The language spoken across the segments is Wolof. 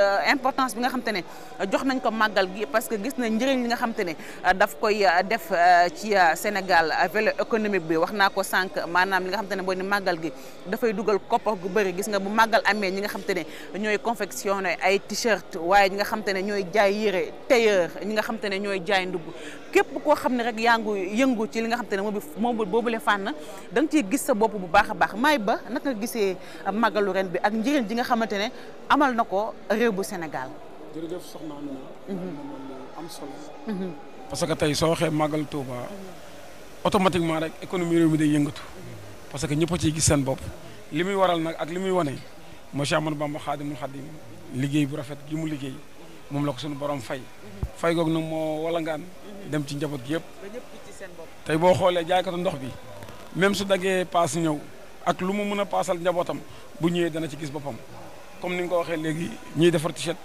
Euh, importance bi nga xam ne euh, jox nañ ko màggal gi parce que gis na njëriñ li nga xam te ne euh, daf koy def ci Sénégal vélo économique bi wax naa ko sànq maanaam li nga xam te ne boo ni màggal gi dafay dugal koppar gu bëri gis nga bu màggal amee ñi nga xam ne ñooy confectionné ay t-shirt waaye ñi nga xam ne ñooy jaay yére tailleur ñi nga xam ne ñooy jaay ndugg képp koo xam ne rek yaa ngu yëngu ci li nga xam te ne moom moom boobule fànn da nga ciy gis sa bopp bu baax a baax may ba naka gisee màggalu ren bi ak njëriñ ji nga xamante ne amal na ko réew bu am solo. Mhm. parce que tey soo waxee màggal Touba automatiquement rek économie réew mi day yëngatu parce que ñëpp a gis seen bopp li muy waral nag ak li muy wane monsieur Amadou Bamba Xaadimul Xaadim liggéey bu rafet gi mu liggéey moom la ko suñu borom fay. fay goog nag moo walangaan dem ci njaboot gi yëpp. tey boo xoolee jaaykatu ndox bi même su daggee paas ñëw ak lu mu mën a paasal njabootam bu ñëwee dana ci gis boppam. comme ni nga ko waxee léegi ñuy defar t-shirt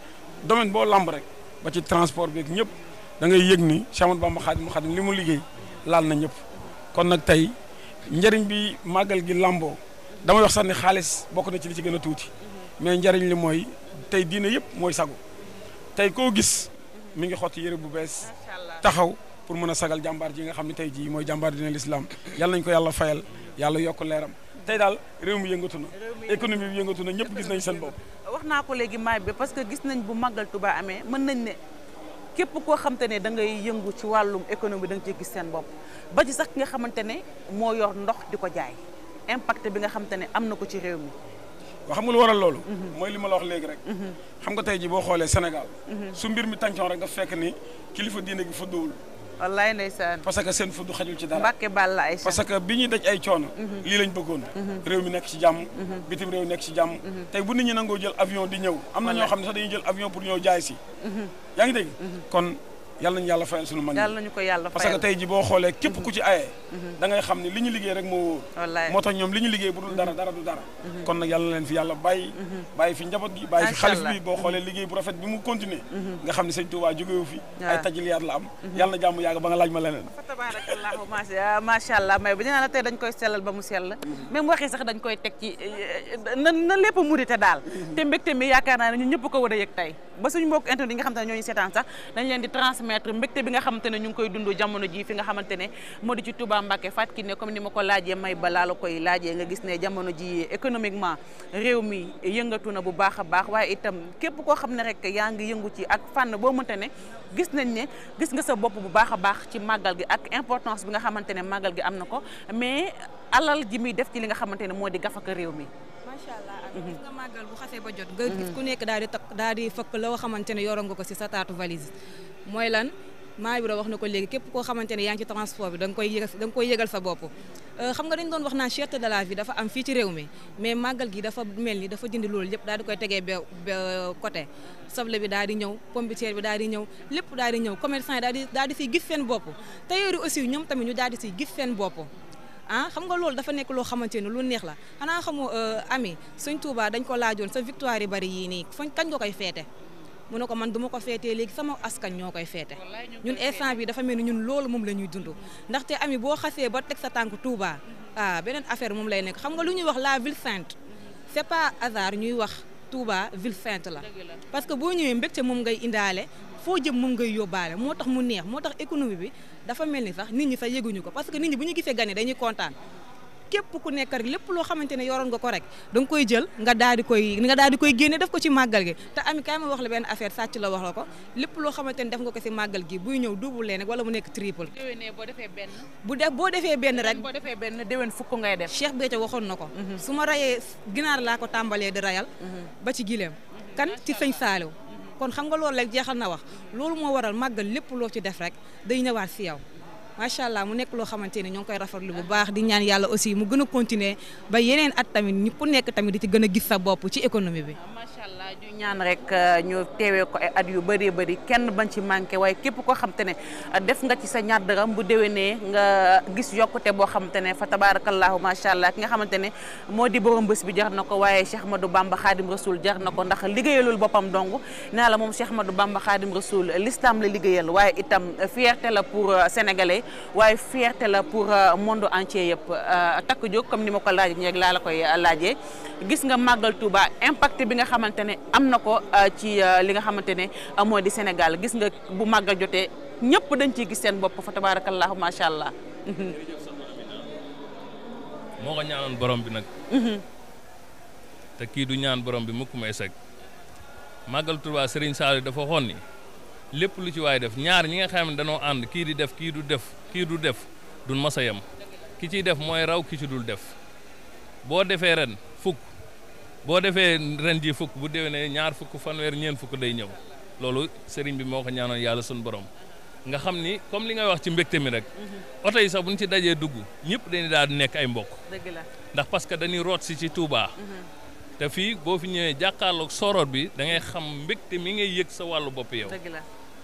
domaine boo lamb rek ba ci transport beeg ñëpp dangay ngay yëg ni Cheikh Ahmadou Bamba Xaadimu Xaadim li mu liggéey laal na ñëpp kon nag tey njëriñ bi màggal gi lamboo dama wax sax ni xaalis bokk na ci li ci gën a tuuti mais njëriñ li mooy tey diine yëpp mooy sagu tey koo gis mi ngi xotti yëre bu bees taxaw pour mën a sagal jàmbaar ji nga xam ne tey jii mooy jàmbaar dina lislaam yàlla nañ ko yàlla fayal yàlla yokk leeram tey daal réew mi yëngatu na bi yëngatu na ñëpp gis nañ seen bopp wax naa ko léegi maay bi parce que gis nañ bu màggal Tuba amee mën nañ ne képp koo xamante ne da ngay yëngu ci wàllum économie da nga ciy gis seen bopp ba ci sax ki nga xamante ne moo yor ndox di ko jaay impact bi nga xamante ne am na ko ci réew mi waaw xam nga lu waral loolu mhm. mooy li ma la wax léegi rek mhm. xam nga tey ji boo xoolee Sénégal mhm. su mbir mi tàncoon rek nga fekk ni kilifa diine gi fa dóowul wallaay ndeysaan parce que seen fudd xajul ci dara mbàkke bàll ay parce que bi ñuy daj ay coono mhm. lii lañ bëggoon mhm. réew mi nekk ci jàmm mhm. bitim réew nekk ci jàmm tey bu nit ñi nangoo jël avion di ñëw am na ñoo xam ne sax dañuy jël avion pour ñëw jaay si yaa ngi dégg yàlla nañu yàlla fayal sunu mag yàlla nañu ko yàlla fayal parce que tey ji boo xoolee képp ku ci aye mm-hmm. da xam ne li ñu liggéey rek moo moo tax ñoom li ñu liggéey bu dul dara mm-hmm. dara du dara mm-hmm. kon nag yàlla na leen fi yàlla bàyyi fi njaboot gi boo xoolee liggéey bu rafet bi mu continuer nga xam ne sëñ Tuubaa jógewu fi ay tajiliyaat la am yàlla na jàmm yàgg ba nga laaj ma leneen fa tabarakallah allah ah, may bu ñu naan tey dañ koy sellal ba mu sell même waxee eh, na na transmettre mbégte bi nga xamante ne ñu ngi koy dund jamono ji fi nga xamante ne moo di ci Touba Mbacké Fatou Kiné comme ni ma ko laajee may ba la koy laajee nga gis ne jamono ji économiquement réew mi yëngatu na bu baax a baax waaye itam képp koo xam ne rek yaa ngi yëngu ci ak fànn boo mënta ne gis nañ ne gis nga sa bopp bu baax a baax ci màggal gi ak importance bi nga xamante ne màggal gi am na ko mais alal ji muy def ci li nga xamante ne moo di gafaka réew mi macha mhm. xasee ba jot nga mhm. ku nekk daal di takk daal di fëkk loo xamante ne yoroon nga ko si sa taatu valise mooy lan maa bi wax na ko léegi képp koo xamante ne yaa ngi ci transport bi da nga koy yëgal da nga koy yëgal sa bopp euh, xam nga dañ doon wax naan cherté de la vie dafa am fii ci réew mi mais màggal gi dafa mel ni dafa dindi loolu lépp daal di koy tegee be côté soble bi daal di ñëw pomme bi daal di ñëw lépp daal di ñëw commerçant yi daal di daal di siy gis seen bopp te yi aussi ñoom tamit ñu daal di siy gis seen bopp ah xam nga loolu dafa nekk loo xamante ne lu neex la xanaa xamoo euh, ami suñ Tuubaa dañ ko laajoon sa victoire yi bari yii nii fañ kañ nga koy feete mu ne ko man du ma ko feetee léegi sama askan ñoo koy feete ñun instant bi dafa mel ni ñun loolu moom la ñuy dund ndaxte ami boo xasee ba teg sa tànk Touba ah beneen affaire moom lay nekk xam nga lu ñuy wax la ville sainte c'est pas hasard ñuy wax Touba ville sainte la parce que boo ñëwee mbégte moom ngay indaale foo jëm moom ngay yóbbaale moo tax mu moo tax économie bi dafa mel ni sax nit ñi sax yëguñu ko parce que nit ñi bu ñu gisee gane dañuy kontaan képp ku nekk rek lépp loo xamante ne yoroon nga ko rek danga koy jël nga daal di koy nga daal di koy génne def ko ci màggal gi te ami kaay ma wax la benn affaire sàcc la wax la ko lépp loo xamante ne def nga ko si màggal gi buy ñëw double leen rek wala mu nekk triple. déwénee boo defee benn. bu def boo defee benn rek. boo defee benn déwén fukk ngay def. Cheikh Béthio waxoon na ko. Mhm. su ma rayee ginaar laa ko tàmbalee di rayal. Mhm. ba ci gileem. kan mhm. ci sëñ Saaliw. kon xam nga loolu rek jeexal na wax loolu moo waral màggal lépp loo ci def rek day ñëwaat si yow macha allah mu nekk loo xamante ne ñoo koy rafetlu bu baax di ñaan yàlla aussi mu gën a continuer ba yeneen at tamit ñi ku nekk tamit di ci gën a gis sa bopp ci économie bi. ñu ñaan rek euh, ñu teewee ko ay at yu bëree bëri kenn bañ ci manqué waaye képp koo xam ne euh, def nga ci sa ñaar dërëm bu déwénee nga gis yokkute boo xam te ne fa tabaarakallaahu macha allah ki nga xamante ne moo di borom bés bi jar na ko waaye Cheikh Ahmadou Bamba Khadim Rasoul jar na ko ndax liggéeyalul boppam dong naa la moom Cheikh Ahmadou Bamba Khadim Rasoul l'islam la liggéeyal waaye itam fierté la pour euh, sénégalais waaye fierté la pour monde entier yëpp takk jóg comme ni ma laaj ñeeg laa la koy laajee bi nga xamante ne am na ko euh, ci euh, li nga xamante ne euh, mooy di Sénégal gis nga bu màggal jotee ñépp dañ ciy gis seen bopp fa tabaarakallaahu macha allah. Mhm. moo ko ñaanoon borom bi nag. Mhm. te kii du ñaan borom bi mukk may seg màggal Tuubaa Sëriñ Saliou dafa waxoon ni lépp lu ci waay def ñaar ñi nga xam ne danoo ànd kii di def kii du def kii du def du masa yem ki ciy def mooy raw ki ci dul def boo defee ren fukk. boo defee ren ji fukk bu déwénee ñaar fukk fanweer ñeen fukk day ñëw loolu sëriñ bi moo ko ñaanoon yàlla suñu borom nga xam ni comme li ngay wax ci mbégte mi rek mhm. oto yi sax bu ñu ci dajee dugg ñëpp dañuy daal di nekk ay mbokk ndax parce que dañuy root si ci Touba mhm. te fii boo fi ñëwee jàkkaarlook soroot bi da ngay xam mbégte mi ngay yëg sa wàllu bopp yow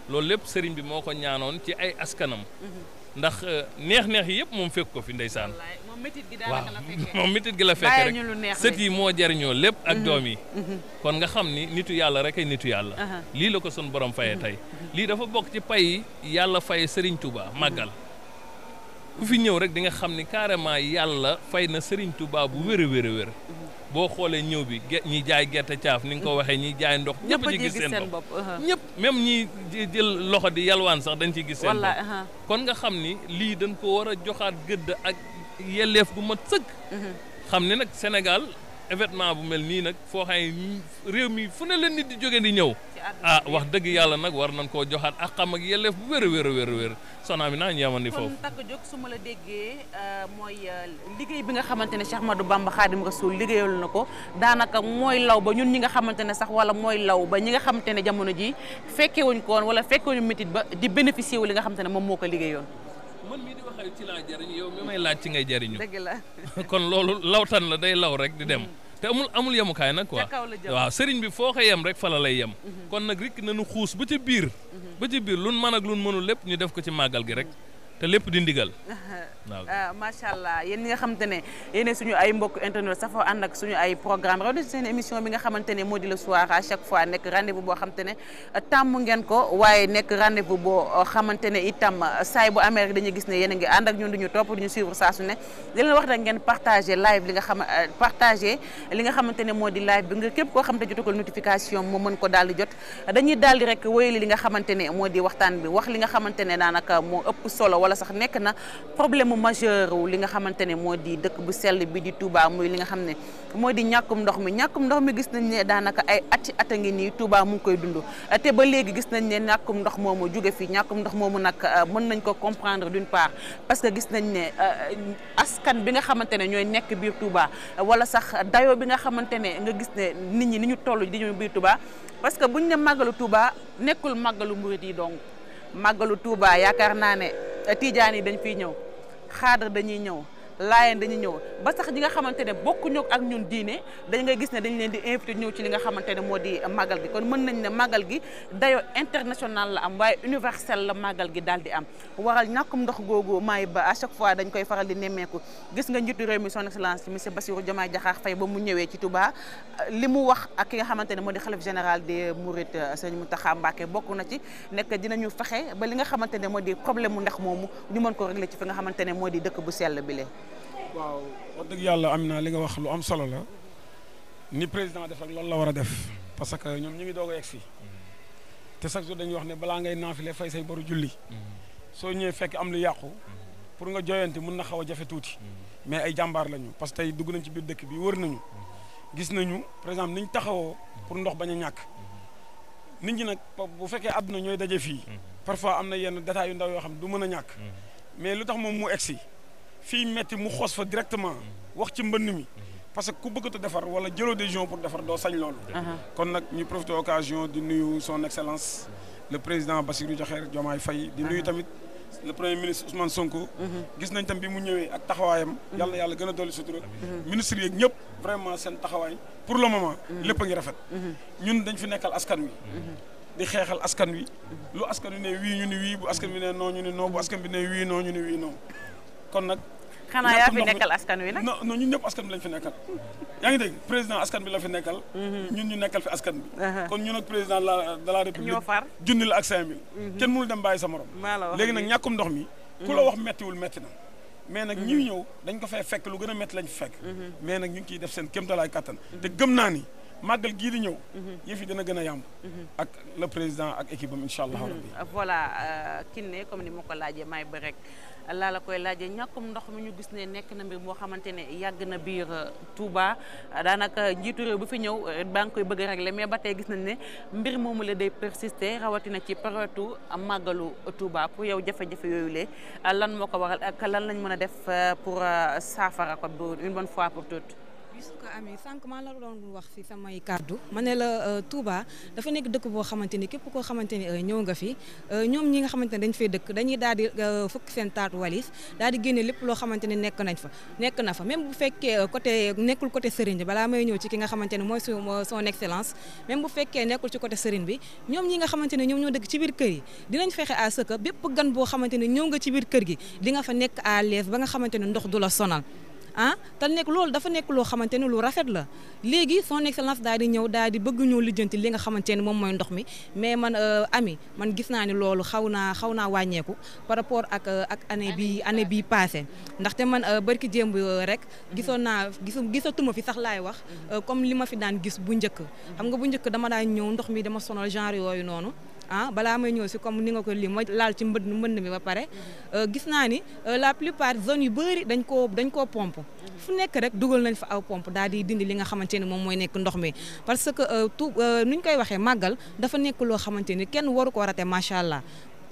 loolu lépp sëriñ bi moo ko ñaanoon ci ay askanam mhm. ndax euh, neex-neex yi yëpp moom fekk ko fi ndeysaan moom métit gi la fekkee rek sët yi moo jariñoo lépp ak mm-hmm. doom yi mm-hmm. kon nga xam ni nitu yàlla rek ay nitu yàlla uh-huh. lii la ko sun borom fayee mm-hmm. tey lii dafa bokk ci pay yàlla fay sëriñ tubaa màggal ku fi ñëw rek di nga xam ni carrément yàlla fay na sëriñ Touba bu wér a wér a boo xoolee ñëw bi ñi jaay gerte caaf ni nga ko waxee ñi jaay ndox ñëpp ci gis seen bopp ñëpp uh-huh. même ñi jël loxo di yalwaan sax dañ ci gis seen bopp uh-huh. kon nga xam ni lii dañ ko war a joxaat gëdd ak yelleef gu mat sëkk. Mhm. xam ne nag Sénégal événement bu mel nii nag foo xay réew mi fu ne leen nit di jóge di ñëw. ah wax dëgg yàlla nag war nañ koo joxaat ak xam ak yelleef bu wér a wér a wér a naa ñu yaman ni foofu. kon takk jóg la déggee euh, mooy euh, liggéey bi nga xamante ne Cheikh Ahmadou Bamba Khadim Rasoul liggéeyal na ko daanaka mooy law ba ñun ñi nga xamante ne sax wala mooy law ba ñi nga xamante ne jamono ji fekke wuñ ko woon wala fekke métit ba di bénéficier wu li nga xamante ne moom moo ko liggéeyoon. xëy ci laa jariñ yow mi may laaj ci ngay jariñu dëgg la kon loolu lawtan la day law rek di dem mm. te amul amul yemukaay nag quoi waaw sëriñ bi foo ko yem rek fa la yem mm-hmm. kon nag rikk nañu xuus ba ca biir mm-hmm. ba ca biir lun mën ak lun mënul lépp ñu def ko ci màggal gi rek mm-hmm. te lépp di ndigal. waaw ah, macha allah yéen ñi nga xamante ne yéen suñu ay mbokk internet safoo ànd ak suñu ay programme seen émission bi nga xamante ne moo di le soir à fois nekk rendez boo xamante ne euh, tàmm ngeen ko waaye nekk rendez-vous boo euh, xamante ne itam euh, saay bu amee rek dañuy gis ne yéen a ngi ànd ak ñun ñu topp duñu suivre saa su ne di leen wax nag ngeen partagé live li nga xam partagé li nga xamante ne moo di live bi nga képp koo xamante jotagul notification moo mën ko daal di jot dañuy daal di rek wéyali li nga xamante ne moo di waxtaan bi wax li nga xamante ne daanaka moo ëpp solo wala sax nekk na problème mu wu li nga xamante ne moo di dëkk bu sel bi di Touba muy li nga xam ne moo di ñàkkum ndox mi ñàkkum ndox mi gis nañ ne daanaka ay ati at ngi nii Touba mu ngi koy dund te ba léegi gis nañ ne ñàkkum ndox moomu jóge fi ñàkkum ndox moomu nag euh, mën nañ ko comprendre d'une part parce que gis nañ ne euh, askan bi nga xamante ne ñooy nekk biir Touba wala sax dayo bi nga xamante ne nga gis ne nit ñi ni ñu toll di ñëw biir Touba parce que buñ ne màggalu Touba nekkul màggalu murit yi donc màggalu tijaan yi dañ fiy ñëw xaadar dañuy ñëw laayeen dañu ñëw ba sax ñi nga xamante ne bokkuñu ak ñun diine dañu nga gis ne dañu leen di invité ñëw ci li nga xamante ne moo di màggal gi kon mën nañ ne màggal gi dayo international la am waaye universel la màggal gi daal di am waral ñàkkum ndox googu maay ba à chaque fois dañ koy faral di nemmeeku gis nga njiitu réew mi son excellence monsieur Bassirou Diomaye Diakhar Faye ba mu ñëwee ci tubaa li mu wax ak ki nga xamante ne moo di xalif général des Mourides sëñ Mountakha Mbacké bokk na ci nekk dinañu fexe ba li nga xamante ne moo di problème mu ndax moomu ñu mën ko régler ci fi nga xamante ne moo di dëkk bu sell bi le waaw wax dëgg yàlla am na li nga wax lu am solo la ni président def rek loolu la war a def parce que ñoom ñu ngi doog a yegg si te chaque jour dañuy wax ne balaa ngay naafile fay say boru julli soo ñëwee fekk am lu yàqu pour nga joyante mun na xaw jafe tuuti mais ay jàmbaar lañu parce que tey dugg nañ ci biir dëkk bi wër nañu gis nañu par exemple niñ taxawoo pour ndox bañ a ñàkk nit ñi nag bu fekkee àdduna ñooy daje fii parfois am na yenn détails yu ndaw yoo xam ne du mën a ñàkk fii metti mu xoos fa directement wax ci mbënn mi parce que ku bëgg a defar wala jëloo décision pour defar doo sañ loolu kon nag ñu profité occasion di nuyu son excellence le président Bassirou Diakhar Diomaye fay di nuyu tamit le premier ministre Ousmane Sonko. Mhm. gis nañ tam bi mu ñëwee ak taxawaayam. Mhm. yàlla yàlla gën a dolli sutura. Mhm. ministre yeeg ñëpp vraiment seen taxawaay pour le moment. lépp a ngi rafet. ñun dañ fi nekkal askan wi. di xeexal askan wi. wi ne wii ñu ni wii bu askan bi ne noo ñu bi ne wii ñu ni kon nag. xanaa yaa fi nekkal askan wi nag. non non ñun ñëpp askan bi lañ fi nekkal. ngi dégg président askan bi la fi nekkal. Mhm. ñun ñu nekkal fi askan uh-huh. kon ñun ak président la de la république. ñoo far la ak 5000. Mhm. kenn mënul dem bàyyi sa morom. léegi nag ñàkkum ndox mi. ku la mhm. wax méttiwul métti na. mais nag ñi ñëw dañ ko fay fekk lu gën a métti lañ fekk. mais nag ñu ngi ciy def seen kéemtalaay kattan. te gëm naa ni màggal gii di ñëw. yi fi gën a yàmb. ak le président ak équipe am incha allah. voilà euh, Kiné comme ni ma ko laajee may ba rek laa la koy laajee ñàkkum ndox mi ñu gis ne nekk na mbir moo xamante ne yàgg na biir euh, Touba daanaka njiitu réew bu fi ñëw euh, baa ngi koy bëgg a le mais ba tey gis nañ ne mbir moomu la day persister rawatina ci période màggalu Touba pour yow jafe-jafe yooyu le lan moo ko waral ak lan lañ mën a def euh, pour saafara ko une bonne fois pour toutes. su ko amee sànq maa la doon wax fi samay kàddu ma ne la euh, Touba dafa nekk dëkk boo xamante ni képp koo xamante ni euh, ñëw nga fi euh, ñoom ñi nga xamante ne dañ fee dëkk dañuy daal di fukki seen taatu walis daal di génne lépp loo xamante ne nekk nañ nekk na fa même bu fekkee côté nekkul côté sëriñ bi balaa may ñëw ci ki nga xamante ne mooy son excellence même bu fekkee nekkul ci côté bi ñoom ñi xamante ne ñoom ñoo dëkk ci biir kër yi dinañ fexe à ce que bépp gan boo xamante ne ñëw nga ci biir kër gi di nga fa nekk à l'aise ba nga xamante ne ndox du la sonal ah te nekk loolu dafa nekk loo xamante ni lu rafet la léegi son excellence daal di ñëw daal di bëgg ñëw lijjanti li nga xamante ne moom mooy ndox mi mais man euh, ami man gis naa ni loolu xaw naa xaw naa wàññeeku par rapport ak euh, ak année bi année bi passé ndaxte man euh, barki démb rek mhm. gisoon naa gis gisatuma fi sax laay wax mhm. comme li ma fi daan gis bu njëkk mhm. xam nga bu njëkk dama daan ñëw ndox mi dama sonal genre yooyu noonu ah balaa may ñëw si comme ni nga ko lii ma laal ci mbënd mbënd mi ba pare euh, gis naa ni euh, la plupart zone yu bëri dañ koo dañ koo pompe fu nekk rek dugal nañ fa aw pompe daal di dindi li nga xamante ni moom mooy nekk ndox mi parce que euh, tout nuñ koy waxee màggal dafa nekk loo xamante ni kenn waru ko rate macha allah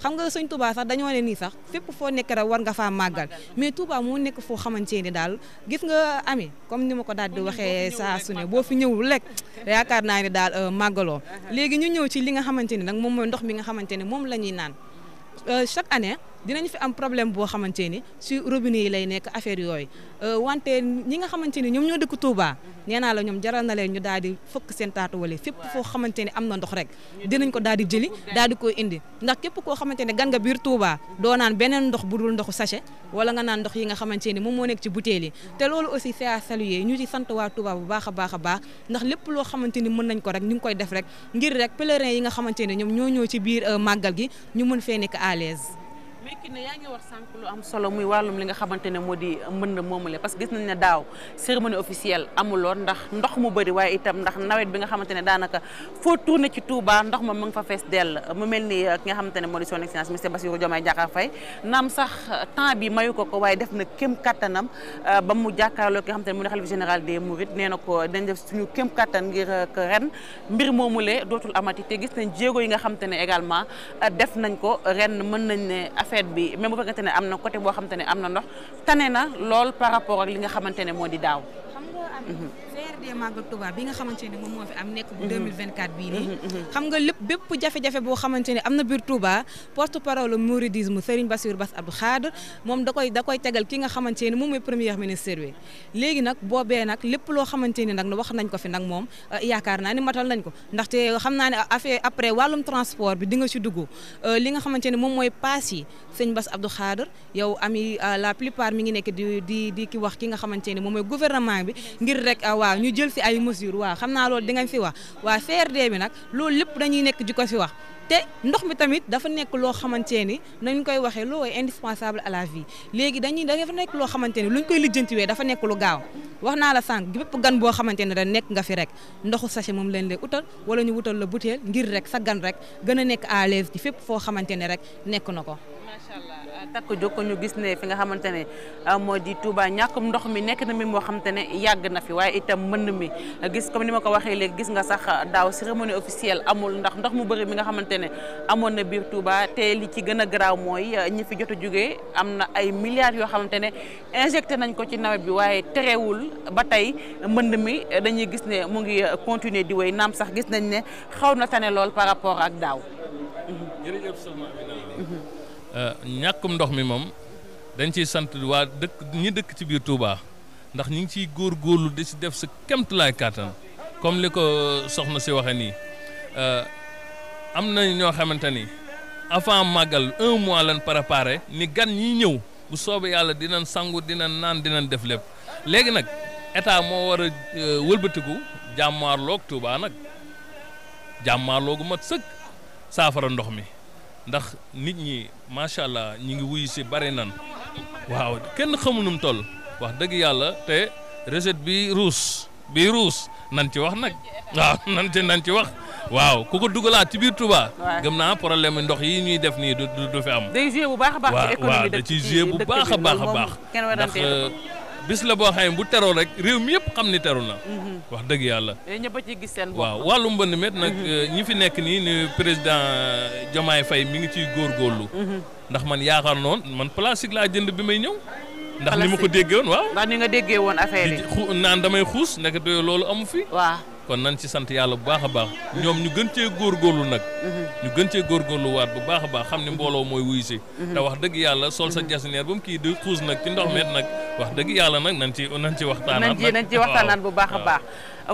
xam nga sëñ Touba sax dañoo ne nii sax fépp foo nekk rek war nga faa màggal mais Touba moo nekk foo xamante ne daal gis nga ami comme ni ma ko daal di waxee saa sune ne boo fi ñëwul rek yaakaar naa ne daal euh, màggaloo uh-huh. léegi ñu ñëw ci li nga xamante ne nag moom mooy ndox mi nga xamante ne moom la ñuy naan euh, chaque année dinañu fi am problème boo xamante ni si robinet yi lay nekk affaire yooyu euh, wante ñi nga xamante ni ñoom ñoo dëkk Touba nee naa la ñoom jaral na leen ñu daal di fëkk seen taatu foo xamante ni am na ndox rek dinañ ko daal di jëli daal di koy indi ndax képp koo xamante ne gan nga biir Touba doo naan beneen ndox bu dul ndoxu sachet wala nga naan ndox yi nga xamante ni moom moo nekk ci bouteille yi te aussi c'est à ci sant waa bu baax a baax a baax ndax lépp loo xamante ni mën nañ ko rek ñu ngi koy def rek ngir rek pèlerins yi nga xamante ne ñoom ñoo ñëw ci biir euh, màggal gi ñu mën fee nekk à mais ki ne yaa ngi wax sànq lu am solo muy wàllum li nga xamante ne moo di mbënd moomule parce que gis nañ ne daaw cérémonie officielle amuloon ndax ndox mu bëri waaye itam ndax nawet bi nga xamante daanaka foo tourné ci Touba ndox ma mu ngi fa fees dell mu mel ni uh, ki nga xamante ne moo di son excellence monsieur Bassirou Diomaye naam sax temps bi mayu ko ko waaye def na kem kattanam uh, ba mu jàkkaarloo ki nga xamante ne moo général des Mourides nee ko dañ suñu kem kattan ngir uh, ren mbir moomule dootul amati te gis nañ jéego ne également def fête bi même bu fekkante ne am na côté boo xamante ne am na ndox tane na lool par rapport ak li nga xamante ne moo di daaw. tuddee màggal Touba bi nga xamante ne am nekk mhm. bii nii mhm, mhm. xam nga lépp bépp jafe-jafe boo xamante ne am na biir Touba porte parole mouridisme Serigne Bassirou Bass Abdou Khadre moom da koy tegal ki nga xamante ne moom mooy paas yi Serigne Bass Abdou Khadre yow ami euh, la plupart mi ngi nekk di di ki wax ki nga xamante ne moom mooy gouvernement bi ngir rek euh, waaw ñu jël si ay mesures waa xam naa loolu dinañ si wax waaye CRD bi nag loolu lépp dañuy nekk di ko si wax te ndox mi tamit dafa nekk loo xamante ni nañ koy waxee loo est indispensable à la léegi dañuy dafa nekk loo xamante ni luñ koy lijjantiwee dafa nekk lu gaaw wax naa la sànq bépp gan boo xamante ne da nekk nga fi rek ndoxu sachet moom leen lay utal wala ñu wutal la butéel ngir rek sa gan rek gën a nekk à l'aise ci fépp foo xamante ne rek nekk na ko. takk jóg ko ñu gis ne fi nga xamante ne euh, moo di Touba ñàkkum ndox mi nekk na mi moo xamante ne yàgg na fi waaye itam mën mi gis comme ni ma ko waxee léegi gis nga sax daaw cérémonie officielle amul ndax ndox mu bëri mi nga xamante ne amoon na biir Touba te li ci gën a garaaw mooy euh, ñi fi jot a jógee am na ay milliards yoo xamante ne injecté nañ ko ci nawet bi waaye terewul ba tey mbënd mi euh, dañuy gis ne mu ngi continuer di wéy naam sax gis nañ ne xaw na tane lool par rapport ak daaw. Euh, ñàkkum ndox mi moom dañ ciy sant waa dëkk ñi dëkk ci biir Touba ndax ñi ngi ciy góor góorlu di si def sa kemtulaay kàttan comme li ko soxna si waxe nii euh, am na ñoo xamante ni avant màggal un mois lañ pare ni gan ñi ñëw bu soobee yàlla dinañ sangu dinañ naan dinañ def lépp léegi nag état moo war a euh, wëlbatiku jàmmaarloog Touba nag jàmmaarloogu mat sëkk saafara ndox mi ndax nit ñi. macha allah ñi ngi wuyu si bari nan waaw kenn xamu nu wax dëgg yàlla te recette bi ruus bi ruus nan ci wax nag waaw nan ci nan ci wax waaw ku ko dugalaat ci biir Touba. gëm naa problème ndox yi ñuy def nii du du fi am. day joué bu baax a baax waaw da ciy joué bu baax a baax a baax. ndax. bis la boo xam ne bu teroo rek réew mi yëpp xam ni teru na. Mhm. wax dëgg yàlla. Eh, a ci gis seen bopp. waaw wàllu mbënd met nag mhm. eh, ñi fi nekk nii ni président eh, Diomaye Faye mi ngi ciy góorgóorlu. Mhm. ndax man yaakaar noonu man plastique laa jënd bi may ñëw. ndax ni ma ko déggee woon waaw. ndax ni nga déggee woon affaire naan damay xuus nekk loolu amu fi. kon nan ci sant yàlla bu baax a baax ñoom ñu gën cee góorgóorlu nag mhm. ñu gën cee góor góorluwaat bu baax a baax xam ne mbooloo mooy wuyu si mhm. te wax dëgg yàlla sol sa mhm. jasineer ba mu kii di xuus nag ci ndox met nag wax dëgg yàlla nag nan ci nan ci waxtaanaat nan ci waxtaanaat bu baax a baax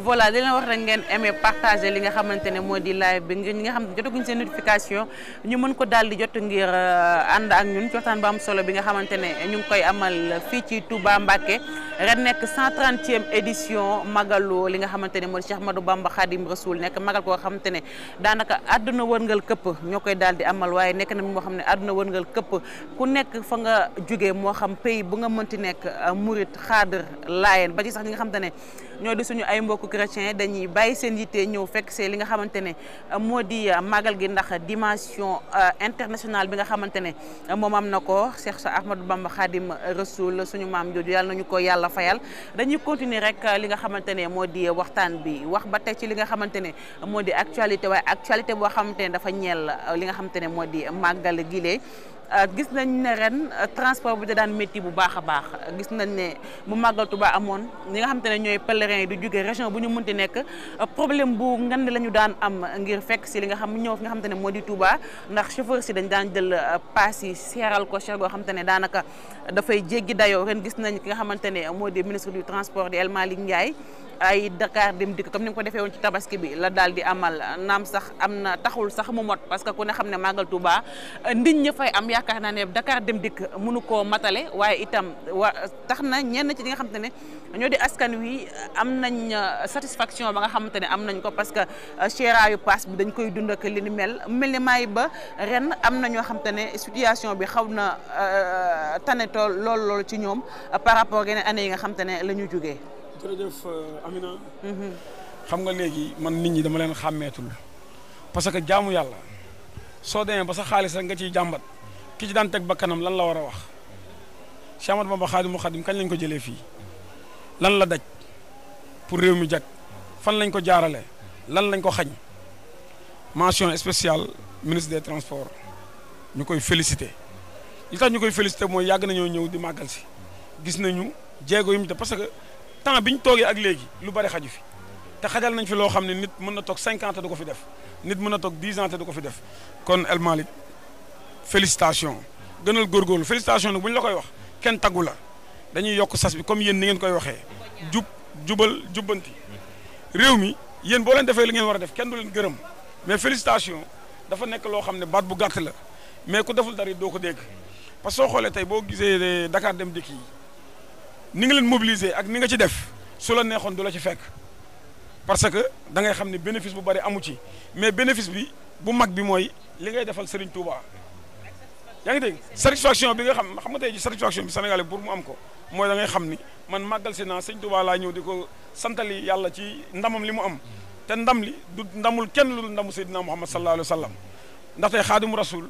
voilà di leen wax rek ngeen aimé partagé li nga xamante ne moo di live bi ñi nga xam ne jotaguñ seen notification ñu mën ko daal di jot ngir euh, ànd ak ñun ci waxtaan bu am solo bi nga xamante ne ñu ngi koy amal fii ci Touba Mbacké nekk 130e édition magalu li nga xamante ne moo di Cheikh Ahmadou Bamba Khadim Rasoul nekk magal koo xamante ne daanaka àdduna wërngal këpp ñoo koy daal di amal waaye nekk na moo xam ne àdduna wërngal këpp ku nekk fa nga jógee moo xam pays bu nga mënti nekk euh, murit xaadar laayeen ba ci sax ñi nga xamante ne ñoo di suñu ay mbokku chrétien dañuy bàyyi seen yitte ñëw fekk see li nga xamante ne euh, moo di euh, màggal gi ndax dimension euh, internationale bi nga xamante ne moom am na ko Cheikh sa Ahmadou Bamba Khadim Rasoul suñu maam jooju yàlla nañu ko yàlla fayal dañuy continuer rek li nga xamante ne moo di waxtaan bi wax ba tey ci li nga xamante ne moo di actualité waaye actualité boo xamante ne dafa ñel li nga xamante ne moo di màggal gi lee Euh, gis nañ ne ren euh, transport bu da daan métti bu baax a baax gis nañ ne bu màggal Tuuba amoon ñi nga xam te ne ñooy pèlerins yi du jóge région bu ñu ti nekk euh, problème bu ngand la ñu daan am ngir fekk si li nga xam ñëw fi nga xam te ne moo di Tuuba ndax chauffeur si dañ daan jël paas yi seeral ko cher goo xam te ne daanaka dafay jéggi dayoo ren gis nañ ki nga xamante ne moo di ministre du transport di El Malick Ndiaye ay dakaar dem dikk comme ni nga ko defee ci tabaski bi la daal di amal naam sax am na taxul sax mu mot parce que ku ne xam ne màggal Touba nit ñi fay am yaakaar naa ne dakaar dem dikk mënu koo matale waaye itam wa tax na ñenn ci li nga xam te ne ñoo di askan wi am nañ euh, satisfaction ba nga xamante ne am nañ ko parce que seeraayu euh, paas bi dañ koy dund li ni mel mel ni ba ren am na ñoo xam ne situation bi xaw na euh, tane tool lool lool ci ñoom par rapport geneen année yi nga xam te ne la ñu jógee jërëjëf euh, Amina. Mhm. xam nga léegi man nit ñi dama leen xàmmeetul parce que jaamu yàlla soo demee ba sa xaalis rek nga ciy jàmbat ki ci daan teg kanam lan la war a wax Cheikh Ahmadou Bamba Xaadimu Xaadim kañ lañ ko jëlee fii lan la daj pour réew mi jag fan lañ ko jaarale lan lañ ko xañ mention spéciale ministre des transport ñu koy félicité li tax ñu koy félicité mooy yàgg nañoo ñëw di màggal si gis nañu jéego yi te parce temps bi ñu toogee ak léegi lu bari xaju fi te xajal nañ fi loo xam ne nit mën na toog 50 te du ko fi def nit mën na toog 10 ans du ko fi def kon El Malick félicitation gënal góorgóorlu félicitation nag bu ñu la koy wax kenn taggu la dañuy yokk sas bi comme yéen ni ngeen koy waxee jub jubal jubbanti réew mi yéen boo leen defee li ngeen war a def kenn du leen gërëm mais félicitation dafa nekk loo xam ne baat bu gàtt la mais ku deful dara doo ko dégg parce que xoolee tey boo gisee Dakar dem dikk yi ni nga leen mobiliser ak ni nga ci def su la neexoon du la ci fekk parce que da ngay xam ne bénéfice bu bari amu ci mais bénéfice bi bu mag bi mooy li ngay defal Serigne Touba. yaa ngi dégg satisfaction bi nga xam xam nga tey ji satisfaction bi Sénégalais pour mu am ko mooy da ngay xam ni man màggal si naa Serigne Touba laa ñëw di ko santali yàlla ci ndamam li mu am. te ndam li du ndamul kenn lu dul ndamu Seydina Muhammad sallallahu alayhi wa sallam ndaxte xaadimu rasul.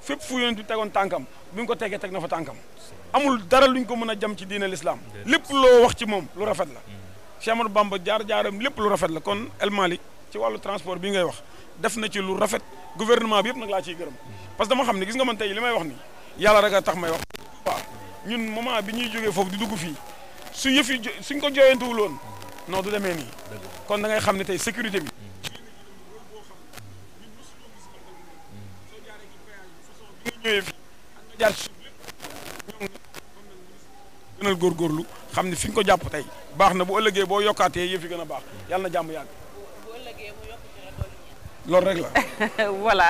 fépp fu yonent bi tegoon tànkam bi mu ko tegee teg na fa tànkam amul dara luñ ko mën a jam ci diine l'islam lépp loo wax ci moom lu rafet la Cheikh Amadou Bamba jaar-jaaram lépp lu rafet la kon El Malick ci wàllu transport bi ngay wax def na ci lu rafet gouvernement bi yëpp nag laa ciy gërëm parce que dama xam ne gis nga man tey li may wax ni yàlla rek a tax may wax waaw ñun moment bi ñuy jógee foofu di dugg fii su yëf yi suñ ko jooyantuwul woon non du demee nii kon da ngay xam ne tey sécurité bi ñëwee góor góorlu xam ne fi nga ko jàpp tey baax na bu ëllëgee boo yokkaatee yëf gën a baax yàlla na jàmm yàgg. loolu rek la. voilà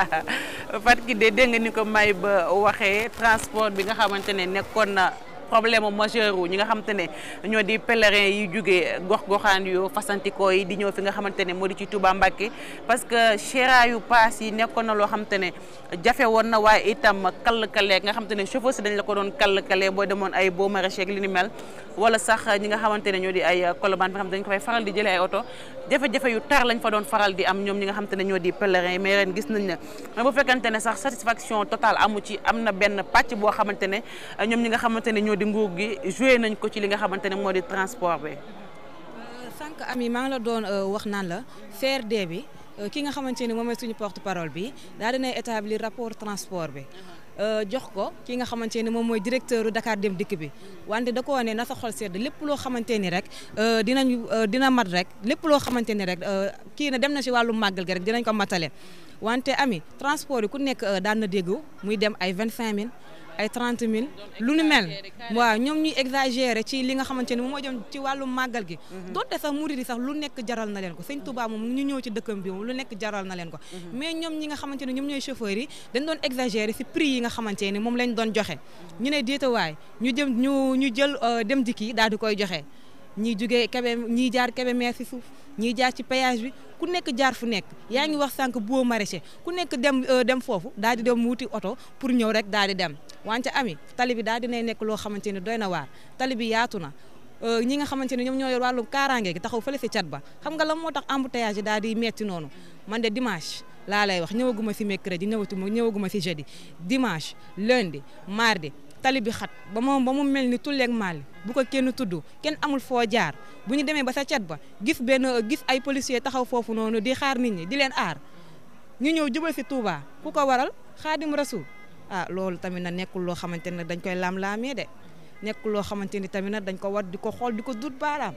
Fatou Kidé dégg nga ni ko may ba waxee transport bi nga xamante ne nekkoon na. problème mu majeur ñi nga xamante ne ñoo di pèlerins yi jugee gox-goxaan yu fasantikoo yi di ñëw fi nga xamante ne moo di ci Touba Mbacké parce que yu paas yi nekkoon na loo xamante ne jafe woon na waaye itam kall kale nga xamante ne chauffeur si dañ la ko doon kall boo demoon ay boo maraîcher li ni mel wala sax ñi nga xamante ne ñoo di ay Colobane bi dañ ko faral di jëlee ay oto jafe-jafe yu tar lañ fa doon faral di am ñoom ñi nga xamante ne ñoo di pèlerin yi ren gis nañ ne bu fekkante ne sax satisfaction totale amu ci am na benn pàcc boo xamante ne ñoom ñi nga xamante ne ñoo di nguur gi joué nañ ko ci li nga xamante ne moo di transport bi euh, sànq ami maa ngi la doon euh, wax naan la CRD bi euh, ki nga xamante ne moom mooy suñu porte parole bi daa daal état établir rapport transport bi Euh, jox ko ki nga xamante ni moom mooy directeur Dakar dem dikk bi wante da koo ne na sa xol sedd lépp loo xamante ni rek euh, dinañu euh, dina mat rek lépp loo xamante ni rek kii na dem na si wàllu màggal gi rek dinañ ko matale wante ami transport yi ku nekk daan na dégg muy dem ay vingt-cinq mille ay trente mille lu nu mel waaw ñoom ñuy exagéré ci li nga xamante ne moom moo jëm ci wàllu màggal gi mhm. donte sax murid yi sax lu nekk jaral na leen ko sëñ Touba moom ñu ñëw ci dëkkam bi moom lu nekk jaral na leen ko mhm. mais ñoom ñi nga xamante ne ñoom ñooy chauffeur yi dañ doon exagéré si prix yi nga xamante ne moom lañ doon joxe mhm. ñu ne déetawaay ñu jëm ñu ñu jël euh, dem dikki daal di koy joxe ñiy jugee Kébé ñiy jaar Kébé si suuf ñuy jaar ci péage bi ku nekk jaar fu nekk yaa ngi wax sànq boo maraîcher ku nekk dem euh, dem foofu daal di dem wuti oto pour ñëw rek daal di dem wante ami tali bi daal dinay nekk loo xamante ni doy na waar tali bi yaatu na euh, ñi nga xamante ni ñoom ñoo yor wàllu kaaraange gi taxaw fële si cat ba xam nga la moo tax embouteillage yi daal di metti noonu man de dimanche laa lay wax ñëwaguma si mercredi ñëwatuma ñëwaguma si jeudi dimanche lundi mardi tali bi xat ba moom ba mu mel ni tulleeg maali bu ko kenn tudd kenn amul foo jaar bu ñu demee ba sa cet ba gis benn gis ay policiers taxaw foofu noonu di xaar nit ñi di leen aar ñu ñëw jubal si Touba ku ko waral xaadim rasul ah loolu tamit na nekkul loo xamante ne dañ koy laam-laamee de nekkul loo xamante ni tamit nag dañ ko war di ko xool di ko dut baaraam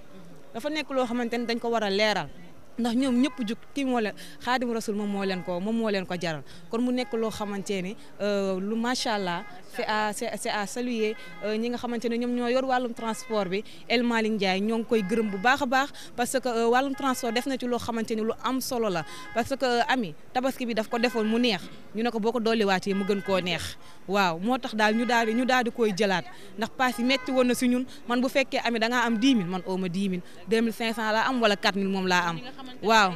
dafa nekk loo xamante ni dañ ko war a leeral ndax ñoom ñëpp jug kii moo leen xaadim rasul moom moo leen ko moom moo jaral kon mu nekk loo xamante ne euh, lu macha allah c'est à c'est à euh, nga xamante ne ñoom ñoo yor wàllum transport bi El Malick Ndiaye ñoo ngi koy gërëm bu baax a baax parce que euh, wàllum transport def na ci loo xamante ni lu am solo la parce que ami tabaski bi daf ko defoon mu neex ñu ne ko boo ko dolliwaatee mu gën koo neex waaw moo tax daal ñu daal daal di koy jëlaat ndax paas yi metti woon na si ñun man bu fekkee ami da am 10 man oo ma 10 000 2500 laa am laa am. waaw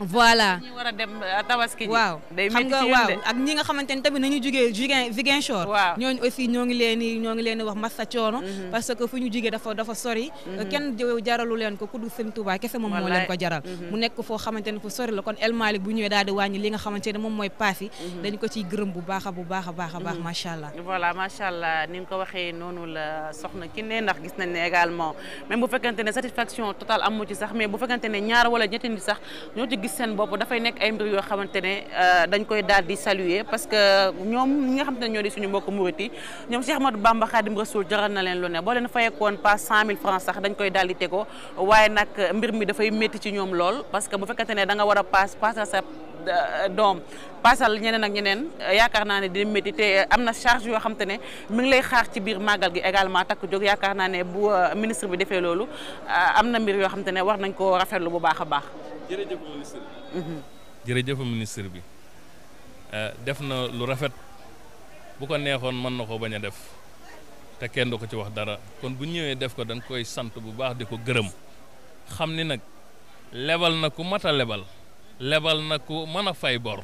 voilà ñu war a dem euh, tabaski waaw xam nga waaw ak ñi nga xamante ni tamit nañu jugee jugee Ziguinchor waaw ñooñu aussi ñoo ngi leen wax massa coono mhm. parce que fu ñu dafa dafa sori mhm. euh, kenn mhm. bu ñëwee daal di wàññi li nga xamante ne moom mooy paas yi dañ ko ciy a a a baax allah voilà macha allah ni ko waxee noonu la soxna ki ne ndax gis nañ ne également même bu fekkante satisfaction totale amu sax mais bu fekkante ne wala ñetti sax ñoo ci gis seen bopp dafay nekk ay mbir yoo xamante ne euh, dañ koy daal di saluer parce que ñoom ñi nga xam ne ñoo di suñu mbokk murit ñoom Cheikh Ahmadou Bamba Khadim Rasoul jaral na leen lu ne boo leen fayekoon pas cent sax dañ koy daal di tegoo waaye nag mbir mi dafay métti ci ñoom lool parce que bu fekkante ne da nga war a paas paasal sa euh, doom paasal ñeneen ak ñeneen yaakaar naa ne di métti te euh, am na charge yoo xam te ne mi ngi lay xaar ci biir màggal gi également takk jóg yaakaar naa ne bu ministre bi defee loolu am na mbir yoo xam te ne war nañ ko rafetlu bu baax a baax Mhm. jërëjëf ministre bi. jërëjëf eh, def na lu rafet bu ko neexoon mën na ko bañ a def te kenn du ko ci wax dara kon bu ñëwee def ko danga koy sant bu baax di ko gërëm xam ni nag lebal na ku mat a lebal lebal na ku mën a fay bor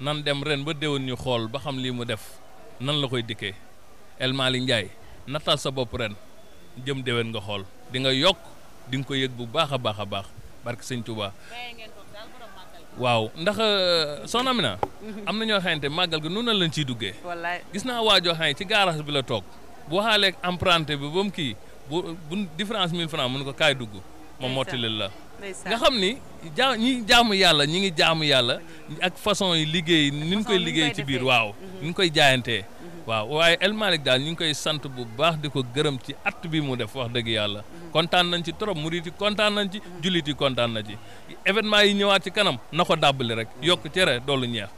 nan dem ren ba déwén ñu xool ba xam lii mu def nan la koy dikkee El Malick Ndiaye nattal sa bopp ren jëm déwén nga xool dinga yokk di nga ko yëg bu baax a baax a baax. barke sëñ Touba. waaw ndax euh, soxna Amina. am na ñoo xamante màggal gi noonu lañ ciy duggee. wallaay gis naa waajoo xam ne ci garage bi la toog bu waxaalee emprunté bi ba mu kii bu bu différence 1000 francs mun ko kaay dugg. moom mottali la. nga xam ni jaa ñi jaamu yàlla ñi ngi jaamu yàlla ak façon yi liggéey ni koy liggéey ci biir waaw mhm. ni koy jaayantee. waaw waaye El daal ñu ngi koy sant bu baax di ko gërëm ci at bi mu def wax dëgg yàlla mm-hmm. kontaan nañ ci trop murit yi kontaan nañ ci mm-hmm. jullit yi kontaan na ci événement yi ñëwaat ci kanam na ko dàbbali rek yokk cere doolu ñeex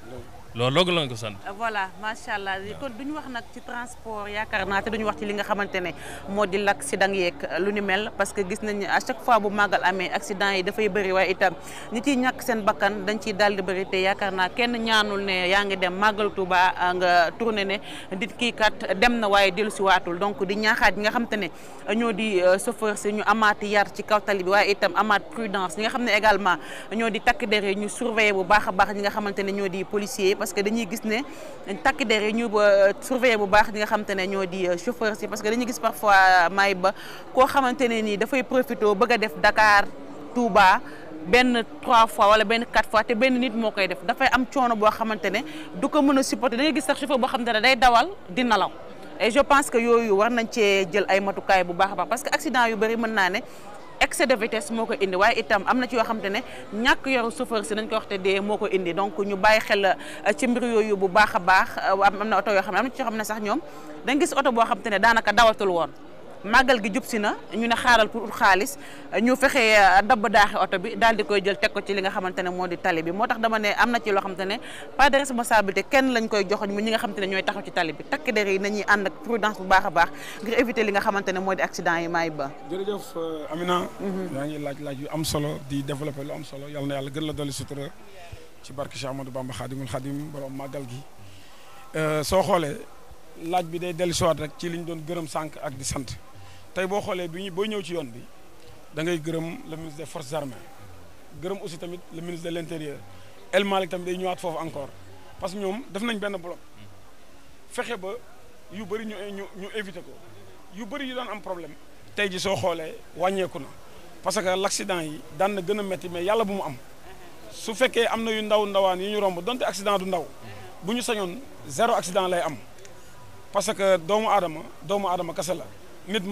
loolu loolu la nga ko sant. voilà macha allah kon duñu wax nag ci transport yaakaar naa te duñu wax ci li nga xamante ne moo di lakk si accident yeeg lu ni mel parce que gis nañ à chaque fois bu màggal amee accident yi dafay bëri waaye itam nit yi ñàkk seen bakkan dañ ciy daal di bëri te yaakaar naa kenn ñaanul ne yaa ngi dem màggal Tuuba nga tourné ne dit kii kat dem na waaye dellu si waatul donc di ñaaxaat ñi nga xamante ne ñoo di euh, chauffeur si ñu amaat yar ci kaw bi waaye itam amaat prudence ñi nga xam ne également ñoo di takk der ñu surveiller bu baax a baax ñi nga xamante ne ñoo di policier parce que dañuy gis ne takk der yi ñu ba euh, surveiller bu baax ñi nga xamante ne ñoo di euh, chauffeur si parce que dañuy gis parfois may ba koo xamante ne nii dafay profité bëgg a def Dakar Touba. benn trois fois wala benn quatre fois te benn nit moo koy def dafay am coono boo xamante ne du ko mën a supporter da ngay gis sax chauffeur boo xamante ne day dawal di nelaw et je pense que yooyu war nañ cee jël ay matukaay bu baax a baax parce que accident yu bëri mën naa ne excès de vitesse moo ko indi waaye itam am na ci yoo xam ne ñàkk yoru chauffeur si nañ ko wax te dee moo ko indi donc ñu bàyyi xel euh, ci mbir yooyu bu baax a baax euh, am na oto yoo xam ne am na ci yoo xam ne sax ñoom dañ gis oto boo xam ne daanaka dawatul woon màggal gi jub si na ñu ne xaaral pour xaalis ñu fexe euh, dabb daaxi oto bi daal di koy jël teg ko ci li nga xamante ne moo di tali bi moo tax dama ne am na ci loo xamante ne pas de responsabilité kenn lañ koy joxoñ mu ñi nga xamante ne ñooy taxaw ci tali bi takk der yi nañuy ànd ak prudence bu baax a baax ngir éviter li nga xamante ne moo di accident yi maay ba jërëjëf euh, Amina mhm. yaa ngi laaj laaj yu am solo di développé lu am solo yal na yàlla gën la dolli sutura ci barke Cheikh Amadou Bamba Xaadimul Xaadim borom màggal gi euh, soo xoolee laaj bi day dellusiwaat rek ci liñ doon gërëm sànq ak di sant tey boo xoolee bi ñu boo ñëw ci yoon bi da ngay gërëm le ministre des forces armées gërëm aussi tamit le ministre de l' intérieur El Malick tamit day ñëwaat foofu encore parce que ñoom def nañ benn bloc fexe ba yu bëri ñu ñu ñu éviter ko yu bëri yu daan am problème tey ji soo xoolee wàññeeku na parce que l' accident yi daan na gën a métti mais yàlla bu mu am su fekkee am na yu ndaw ndawaan yu ñu romb donte accident du ndaw bu ñu sañoon zéro accident lay am parce que doomu aadama doomu aadama kese la nit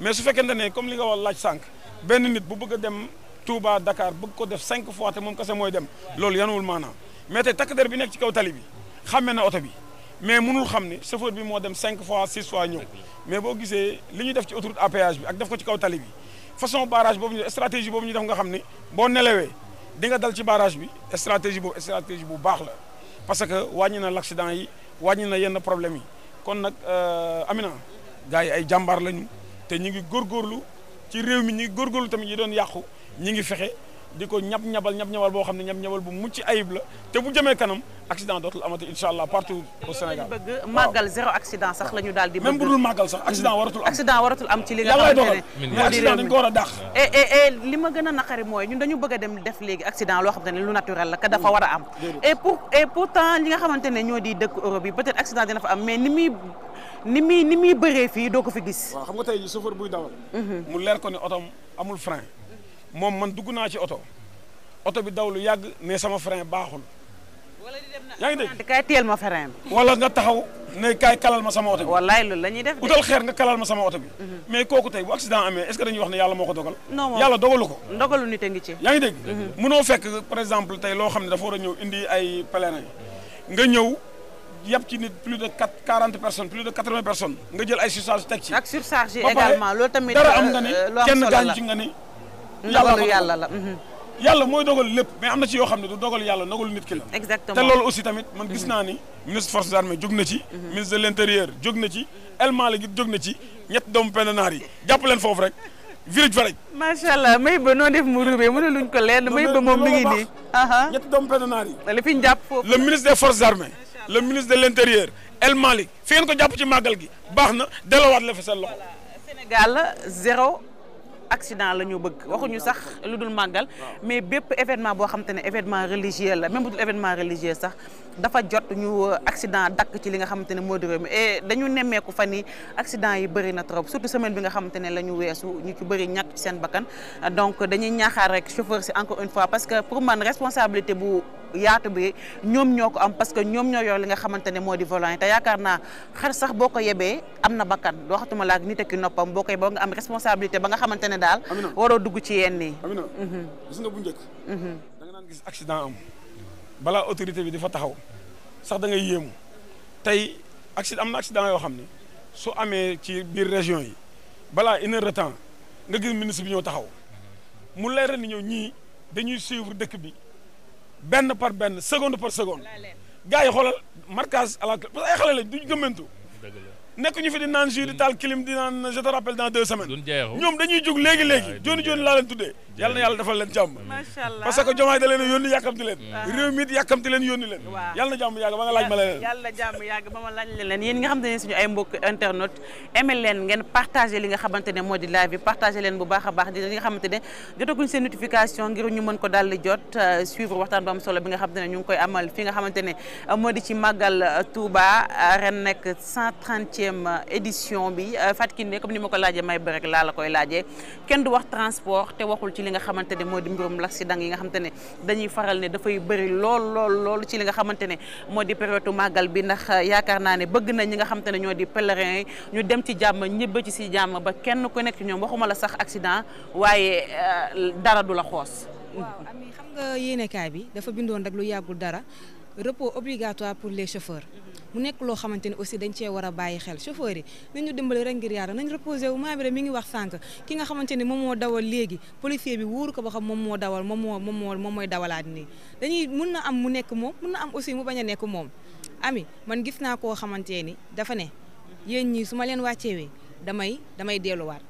mais su fekkente ne comme li nga wax laaj sànq benn nit bu bëgg a dem Touba Dakar bugg ko def cinq fois te moom kese mooy dem loolu yanuwul maanaam mais tey takk der bi nekk ci kaw tali bi xàmme na oto bi mais mënul xam ne chauffeur bi moo dem cinq fois six fois ñëw mais boo gisee li ñuy def ci autoroute à péage bi ak def ko ci kaw tali bi façon barrage boobu ñu boobu ñu def nga xam ne boo nelawee dinga dal ci barage bi stratégie boobu stratégie bu baax la parce que wàññi na l' yi wàññi na yenn problème yi kon nag euh, Amina gars yi ay jàmbaar lañu. te ñu ngi góor góorgóorlu ci réew mi ñu ngi góorgóorlu tamit yi doon yàqu ñi ngi fexe di ko ñab ñabal ñab ñabal boo xam ne ñab ñabal bu mucc ayib la te bu jëmee kanam accident dootul amati incha allah partout au Sénégal bëgg màggal zéro accident sax la ñu daal di bëgg même bu dul màggal sax accident waratul am accident ci li nga xamante ne a dàq eh, eh, eh, li ma gën a mooy ñun dañu bëgg a def léegi accident loo xamante ne lu naturel la que xamante ne ñoo di dëkk Europe yi peut-être accident dina fa am mais ni muy ni muy ni muy bëree fii doo ko fi gis. waaw xam nga tey jii chauffeur buy dawal. Mhm. mu leer ko ni oto amul frein. moom man dugg naa ci oto. oto bi daw lu yàgg mais sama frein baaxul. yaa ngi dégg kay teel ma frein bi. wala nga taxaw ne kaay kalal ma sama oto bi. wallaay loolu la ñuy def de. utal xeer nga kalal ma sama oto bi. Mhm. mais kooku tey bu accident amee est-ce que dañuy wax ne yàlla moo ko dogal. non yàlla dogalu ko. ndogalu nit a ngi ci. yaa ngi dégg. mënoo mhm. fekk par exemple tey loo xam ne dafa war a ñëw indi ay pèlerin nga ñëw yàpp ci nit plus de quatre quarante personnes plus de quatre vingt personnes nga jël ay surcharge teg ci. ak surcharge am euh, nga ni euh, kenn gaañ ci nga ni. Mhm. yàlla mooy dogal lépp mais am na ci yoo xam ne du dogal yàlla dogalu nit ki la. exactement tamit man gis mhm. naa ministre forces na ci. Mhm. de l' intérieur na ci. El Malick it jóg na ci ñett doomu pendenaar yi jàpp leen foofu rek. virage fa rek. ba noo def mu rubee mënu luñ ko leen may ba moom mi ngi nii. ñett doomu pendenaar yi. li fi ñu le ministre de l' intérieur El Malick fi ngeen ko jàpp ci màggal gi baax na delawaat la fa sa loxo. Sénégal zéro accident la bëgg waxuñu sax lu dul màggal. mais bépp événement boo xam te ne événement religieux la même bu dul événement religieux sax. dafa jot ñu euh, accident dakk ci li nga xamante ne moo di réew dañu nemmeeku fan ni accident yi bëri na trop surtout semaine bi nga xamante ne la ñu weesu ñu ci bëri ñàkk ci seen bakkan donc dañuy ñaaxaar rek chauffeur si encore une fois parce que pour man responsabilité bu yaatu bi ñoom ñoo ko am parce que ñoom ñoo yor li nga xamante ne moo di yi te yaakaar naa xar sax boo ko yebee am na bakkan waxatuma laak nit ak noppam boo koy ba nga am responsabilité ba nga xamante ne daal waroo dugg ci yenn yi amina mhm. gis nga bu njëkk mhm. accident balaa autorité bi di fa taxaw sax da ngay yéemu tey accident am na accident yoo xam ne soo amee ci biir région yi balaa une heure nga gis ministre bi ñëw taxaw mu leeral ni ñëw ñii dañuy suivre dëkk bi benn par benn seconde par seconde gars yi xoolal marquage à la parce que ay xale lañ duñ gëmmantu nekk ñu fi di naan jus di taal clim di naan je te dans deux semaines ñoom dañuy jug léegi léegi jooni jooni laa leen tuddee yàlla na yàlla defal leen jàmm macha allah parce que jomaay da leen a yónni yàkkamti leen réew mi it yàkkamti leen yónni leen yàlla na jàmm yàgg ba nga laaj ma leen yàlla jàmm yàgg ba ma laaj leen yéen nga xam ne suñu ay mbokk internet aimé leen ngeen partagé li nga xamante ne moo di live bi partagé leen bu baax a baax di li nga xamante ne jotaguñ seen notification ngir deuxième euh, édition bi euh, Fatou Kiné comme ni ma ko laajee may bi laa la koy laajee kenn du wax transport te waxul ci li nga xamante ne moo di mbirum l'accident yi nga xamante ne faral ne dafay bëri lool lool lool ci li nga xamante ne moo di période màggal bi ndax euh, yaakaar naa ne bëgg na ñi nga xamante ne ñoo di pèlerins yi ñu dem ci jàmm ñibba ci si jàmm ba kenn ku nekk ñoom waxuma la sax accident waaye dara du la xoos. waaw ami xam nga yéenekaay bi dafa bindoon rek lu yàggul dara repos obligatoire pour les chauffeurs mu nekk loo xamante ne aussi dañ cee war a bàyyi xel chauffeurs yi nañu dimbali rek ngir yàlla nañ reposé wu maa bi rek mi ngi wax sànq ki nga xamante ne moom moo dawal léegi policier bi wóoru ko ba xam moom moo dawal moom moo moom moo moom mooy dawalaat nii dañuy mun na am mu nekk moom mun na am aussi mu bañ a nekk moom ami man gis naa koo xamante ni dafa ne yéen ñii su ma leen wàcceewee damay damay delluwaat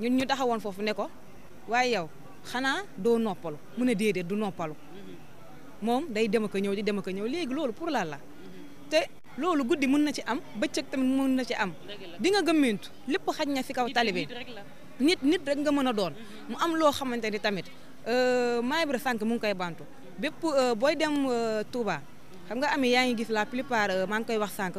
ñun ñu taxawoon foofu ne ko waaye yow xanaa doo noppalu mu ne déedéet du noppalu moom day dem ak ñëw di dem ak ñëw léegi loolu pour lan la te loolu guddi mun na ci am bëccëg tamit mën na ci am di nga gëmmintu lépp xaj na fi kaw tali bi nit nit rek nga mën a doon mm-hmm. mu am loo xamante ni tamit euh, maay bi sànq mu ngi koy bantu bépp euh, booy dem euh, Touba xam nga am yaa ngi gis la plupart maa ngi koy wax sànq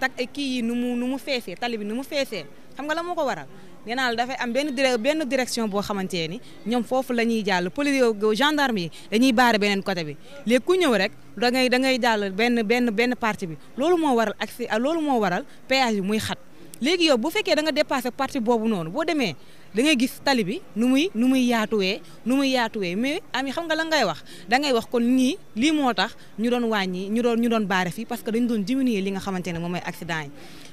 tak kii yi nu mu nu mu feesee tali nu mu feesee xam nga la moo ko waral nee naa dafay am benn dire benn direction boo xamante ni ñoom foofu la ñuy jàll police gendarme yi dañuy baare beneen côté bi léegi ku ñëw rek da ngay da ngay jàll benn benn benn partie bi loolu moo waral a loolu moo waral péage bi muy xat léegi yow bu fekkee da nga dépassé partie boobu noonu boo demee da ngay gis tali bi nu muy nu muy yaatuwee nu muy yaatuwee mais am xam nga la ngay wax da ngay wax kon nii lii moo tax ñu doon wàññi ñu doon ñu doon baare fii parce que dañu doon diminuer li nga xamante ne moom mooy accident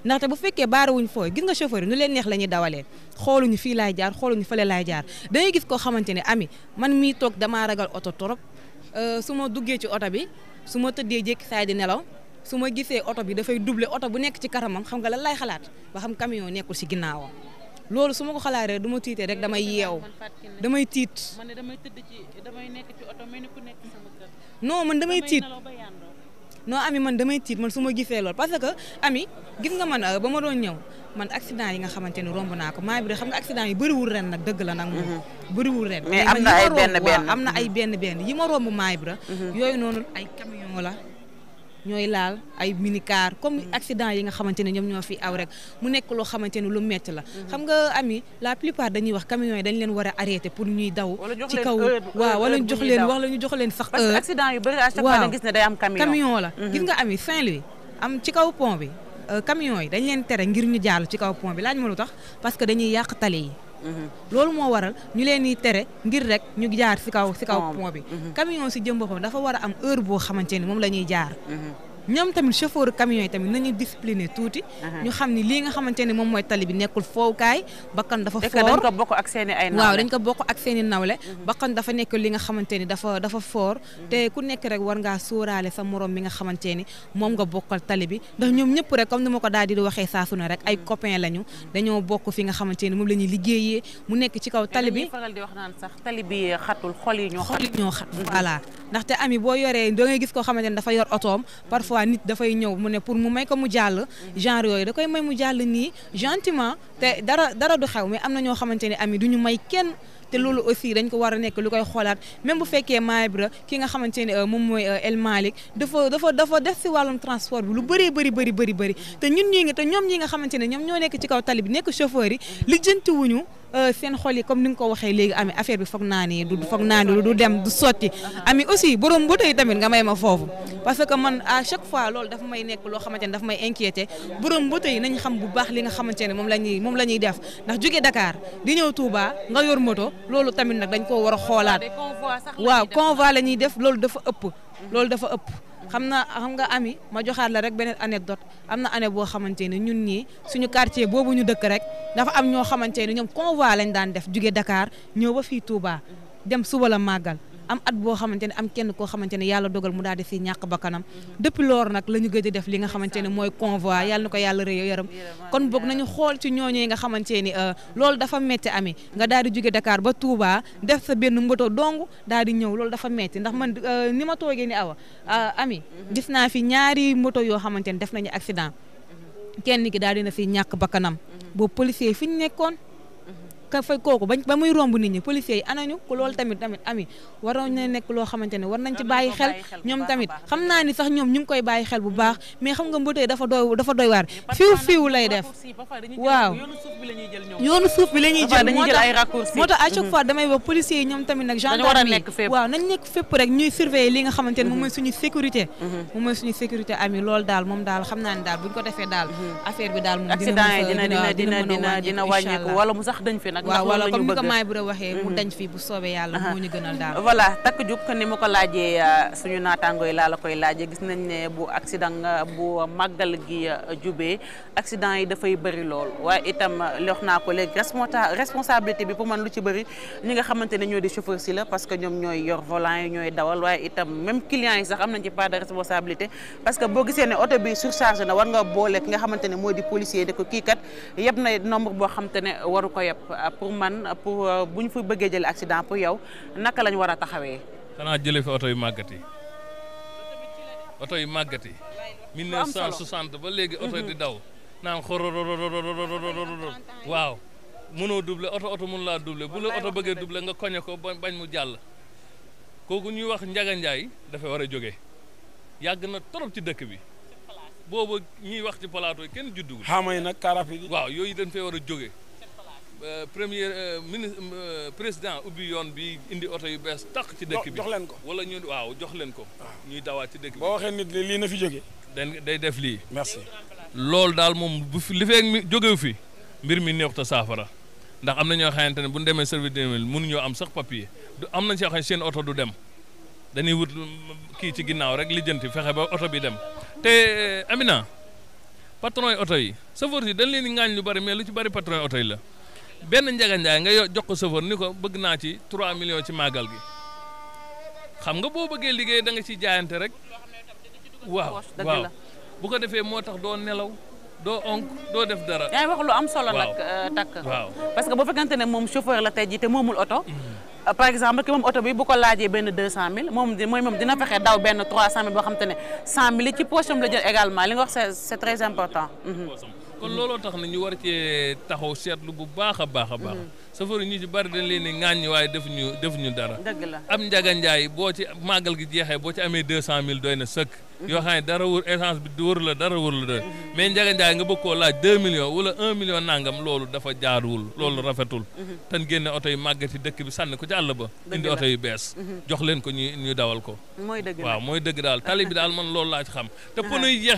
ndaxte bu fekkee baarawuñ foo gis nga chauffeur yi nu leen neex la ñuy dawalee xooluñu fii laay jaar xooluñu fële laay jaar dangay gis koo xamante ne ami man mii toog damaa ragal oto trop euh, su ma duggee ci oto bi su ma tëddee jékki saay di nelaw su ma gisee oto bi dafay duble oto bu nekk ci karamam xam nga lan laay xalaat ba xam camion nekkul ci ginnaawam loolu su ma ko xalaat rek du ma tiitee rek damay yeew damay tiit. man damay tëdd ci oto mel ni ku man damay tiit non ami man dama tiit man su ma gisee lool parce que ami gis nga man euh, ba ma doon ñëw man accident yi nga xamante ni romb naa ko maa bi de xam nga accident yi bëriwul ren nag dëgg la nag moom mhm. bëriwul ren mais am na ay benn benn am na ay benn benn yi ma romb maa bi mhm. yooyu noonu ay camion la ñooy laal ay minicar comme accident yi nga xamante ne ñoom ñoo fi aw rek mu nekk loo xamante ne lu metti la xam nga ami la plupart dañuy wax camions yi dañ leen war a arrêté pour ñuy daw ci kaw waaw wala ñu jox leen wax la ñu jox leen sax heure accident yu bëri à chaque am camion camion la mhm. gis nga ami Saint-Louis am ci kaw pont bi euh, camions yi dañ leen tere ngir ñu jàll ci kaw pont bi laaj ma lu tax parce que dañuy yàq tali yi loolu moo waral ñu leen di tere ngir rek ñu jaar si kaw si kaw pont bi mhm. camion si jëm boppam dafa war a am heure boo xamante ni moom la ñuy jaar mhm. ñoom tamit chauffeur camion yi tamit nañu discipliné tuuti. ñu xam ni lii nga xamante ne moom mooy tali bi nekkul foowukaay. bakkan dafa foor ko bokk ak seen i ay nawle waaw dañ ko bokk ak seen i nawle. Mhm. bakkan dafa nekk li nga xamante ni dafa dafa foor. Mhm. te ku nekk rek war ngaa sóoraale sa morom mi nga xamante ni moom nga bokkal tali bi ndax ñoom ñëpp rek comme ni ma ko daal di waxee saa su ne rek ay mhm. copain lañu dañoo bokk fi nga xamante ni moom la ñuy liggéeyee mu nekk ci kaw tali bi. faral di wax naan sax tali bi xatul xol yi ñoo xat voilà ndaxte ami boo yoree da ngay gis koo xamante ni dafa fois nit dafay ñëw mu ne pour mu may ko mu jàll genre yooyu da koy may mu jàll nii gentiment te dara dara du xew mais am na ñoo xamante ne ami du ñu may kenn te loolu aussi dañ ko war a nekk lu koy xoolaat même bu fekkee Maibra ki nga xamante ne euh, moom mooy euh, El Malick dafa dafa dafa def si wàllum transport bi lu bëree bëri bari bëri bëri te ñun ñii nga te ñoom ñi nga xamante ne ñoom ñoo nekk ci kaw tali bi nekk chauffeur yi lijjanti Euh, seen xol yi comme ni nga ko waxee léegi ami affaire bi foog naa ni du foog naa ni du dem du sotti uh-huh. ami aussi borom bu tey tamit nga may ma foofu parce que man à chaque fois loolu dafa may nekk loo xamante ne dafa may inquiété borom bu tey nañ xam bu baax li nga xamante ne moom la ñuy moom la ñuy def ndax jóge dakaar di ñëw Touba nga yor moto loolu tamit nag dañ koo war a xoolaat waaw convoi la lañuy def loolu dafa ëpp loolu dafa ëpp xam na xam nga ami ma joxaat la rek beneen anecdote am na année boo xamante ne ñun ñii suñu quartier boobu ñu dëkk rek dafa am ñoo xamante ne ñoom convoi lañ daan def jóge dakaar ñëw ba fii Touba dem suba la màggal am at boo xamante ne am kenn koo xamante ne yàlla dogal mu daal di fi ñàkk bakkanam depuis loolu nag la ñu gëj a def li nga xamante ne mooy convoi yàlla na ko yàlla rëy yaram kon boog nañu xool ci ñooñu yi nga xamante ni euh, loolu dafa metti ami nga daal di jóge Dakar ba Touba def sa benn mboto dong daal di ñëw loolu dafa metti ndax man euh, ni ma toogee ni awa euh, ami gis naa fi ñaari mboto yoo xamante ne def nañu accident kenn ki daal na fi ñàkk bakkanam boobu policier fi ka fay kooku bañ ba muy romb nit ñi policiers yi anañu ku loolu tamit tamit ami waroon na nekk loo xamante ne war ci bàyyi xel ñoom tamit xam naa ni ñu ngi koy bàyyi xel bu baax mais xam nga mbëtee dafa doy dafa doy waar fiw fiw lay mhm. mhm. mhm. daal affaire bi daal moom dina dina sax dañ fi nag ndax wala comme ni ko maay bu waxee mu mm-hmm. dañ fii bu soobee yàlla moo ñu gënal daal voilà takk jub ni ma ko laajee euh, suñu naataango laa la koy laajee gis nañ ne bu accident bu màggal gi euh, jubee accident yi dafay bëri lool waaye itam euh, lox naa ko léegi responsabilité bi pour man lu ci bëri ñi nga xamante ne ñoo di chauffeur si la parce que ñoom ñooy yor volant ñooy dawal waaye itam même client yi sax am nañ ci part de responsabilité parce que boo gisee ne oto bi surchargé na war nga boole ki nga xamante moo di policier de ko kii kat yëpp na nombre boo xamante ne waru ko yëpp pour man pour euh, bu ñu fa bëggee jële accident pour yow naka lañu war a taxawee. xanaa jële fi oto yu màggat yi oto yu màggat yi. 1960 ba léegi oto di mhm. daw. naan xororororororororor waaw mënoo doublé oto oto mënu laa doublé bu la oto bëggee duble nga koñe ko bañ mu jàll kooku ñuy wax Njaga Njaay dafa war a jóge yàgg na trop ci dëkk bi boobu ñuy wax ci plateau yi kenn judduwul xamay nag car rapide waaw yooyu dañ war a jóge Euh, premier euh, ministre euh, président ubbi yoon bi indi oto yu bees tàq ci dëkk bi jox leen ko wala ñu waaw jox leen ko ah. ñuy dawaat ci dëkk bi boo waxee nit li lii na fi jóge day def lii merci loolu daal moom bu fi li fee mi jógewu fi mbir mi neexut a saafara ndax am na ñoo xamante ne bu ñu demee service mille mun mënuñoo am sax papier du am na si yoo seen oto du dem dañuy wut mm, kii ci ginnaaw rek lijjanti fexe ba oto bi dem te Amina patron yi oto yi chauffeur yi dañ leen di ŋaañ lu lu ci bari patron oto yi la benn Ndiaga Ndiaye nga jox ko chauffeur ni ko bëgg naa ci 3 millions ci màggal bi xam nga boo bëggee liggéey da nga ciy jaayante rek waaw waaw bu ko defee moo tax doo nelaw doo onk doo def dara. yaa wax lu am solo nag. Euh, takk parce que bu fekkante ne moom chauffeur la tey jii te moomul oto. Mm-hmm. Euh, par exemple ki moom oto bi bu ko laajee benn 200000 moom di mooy moom dina fexe daw benn 300000 boo xam te ne 100000 ci poche la jël également li nga wax c'est c'est très important. Mm-hmm. kon looloo tax na ñu war cee taxaw seetlu bu baax a baax a baax mm-hmm. safari ñu ci bari dañ leen ni ŋaaññi waaye def ñu def ñu dara dëgg la am njaga njaay boo ci màggal gi jeexee boo ci amee deux cent mille doy na sëkk mm-hmm. yoo xam ne dara wër essence bi wër la dara wër la doy mm-hmm. mais njaga njaay nga bëgg koo laaj deux millions wala un million nangam loolu dafa jaaruwul loolu rafetul tan génne oto yi màggati dëkk bi sànni ko ci àll ba indi oto yu bees jox leen ko ñu ñu dawal ko waaw mooy dëgg daal tali bi daal man loolu laa ci xam te pneu yi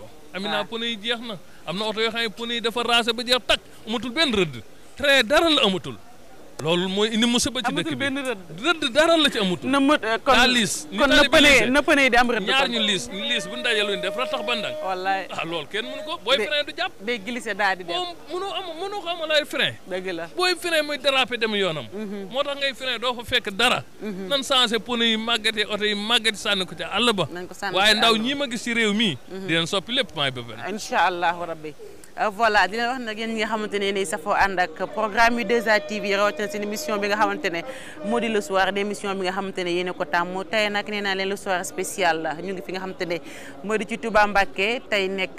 ko amina pneu yi jeex na am na oto yoo xam ne pneu yi dafa raase ba jeex takk amatul benn rëdd train dara la amatul loolu mooy ini indi musiba ci dëkk benn rëdd dara la ci amut. na mën eh, kon kon na pënee na pënee di am ñaar ñu liis bu ñu dajale ñu def ratax ba ndànk. wallaay ah loolu kenn mënu ko. booy frein du jàpp day glissé daal di dem. moom mënoo am mënoo ko amal ay frein. dëgg la booy frein muy dérapé dem yoonam. Mhm. moo tax ngay frein doo fa fekk dara. Mhm. nan changé pneu yi màggatee oto yi màggati sànni ko ca àll ba. waaye ndaw ñiima ma gis ci réew mi mhm. di leen soppi lépp maay ba benn. incha allahu rabbi Euh, voilà di leen wax nag yéen ñi nga xamante ne ni safoo ànd ak programme yu 2A TV rawatina seen émission bi nga xamante ne moo di le soir di émission bi nga xamante ne yéen ko tàmm tey nag nee naa leen le soir spécial la fi nga xamante ne moo di ci Touba Mbacké tey nekk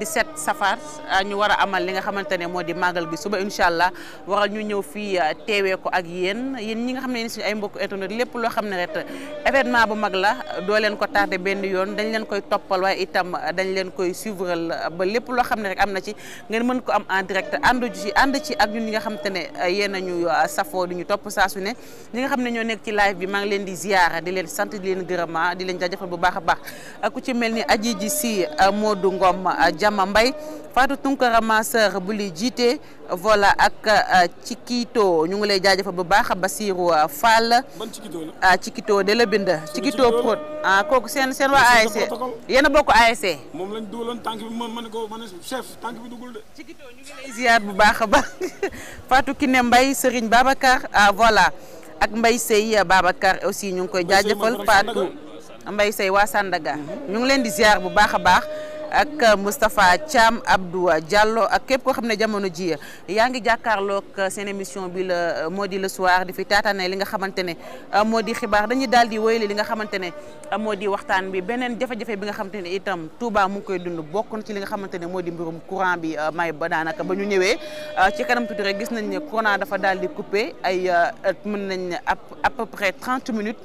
17 euh, safar euh, ñu war a amal li nga xamante ne moo di màggal gi suba incha allah waral ñu ñëw fii teewee ko ak yéen yéen ñi nga xam ne ni suñu ay mbokku internet lépp loo xam ne rek événement bu mag la doo leen ko tardé benn yoon dañ leen koy toppal waaye itam dañ leen koy suivre lépp loo xam am na ci ngeen mën ko am en direct ànd ci ànd ci ak ñun ñi nga xam te ne euh, yéen nañu euh, safoo di ñu topp saa su ne ñi nga xam ne ñoo nekk ci live bi maa ngi leen di ziara di leen sant di leen gërëma ah, di leen jaajëfal bu baax a baax euh, ku ci mel ni aji ji si Modou Ngom Jama Mbay Fatou Tunkara ma sœur bu li jiite voilà ak euh, Cikito ñu ngi lay jaajëfal bu baax Basirou euh, Fall. ban Cikito la. Ah, Cikito de la bind. Cikito Prod ah kooku seen seen waa ASC. E. yéen a bokk ASC. E. moom lañ dugaloon tànk bi ma ma ne bu baax a baax Fatou Kiné Mbaye Serigne Babacar ah voilà ak mbay Seye euh, Babacar aussi ñu ngi koy jaajëfal Fatou mbay sey waa Sandaga. ñu ngi leen di ziar bu baax a baax. ak Moustapha Thiam Abdou Diallo ak képp koo xam ne jamono ji yaa ngi jàkkaarloog seen émission bi la moo di le soir di fi taataane li nga xamante ne moo di xibaar dañuy daal di woyale li nga xamante ne moo di waxtaan bi beneen jafe-jafe bi nga xamante ne itam Touba mu ngi koy dund bokk na ci li nga xamante ne moo di mbirum courant bi euh, may ba daanaka ba ñu ñëwee euh, ci kanam tuuti rek gis nañ ne courant dafa daal di coupé ay euh, mën nañ à peu près 30 minutes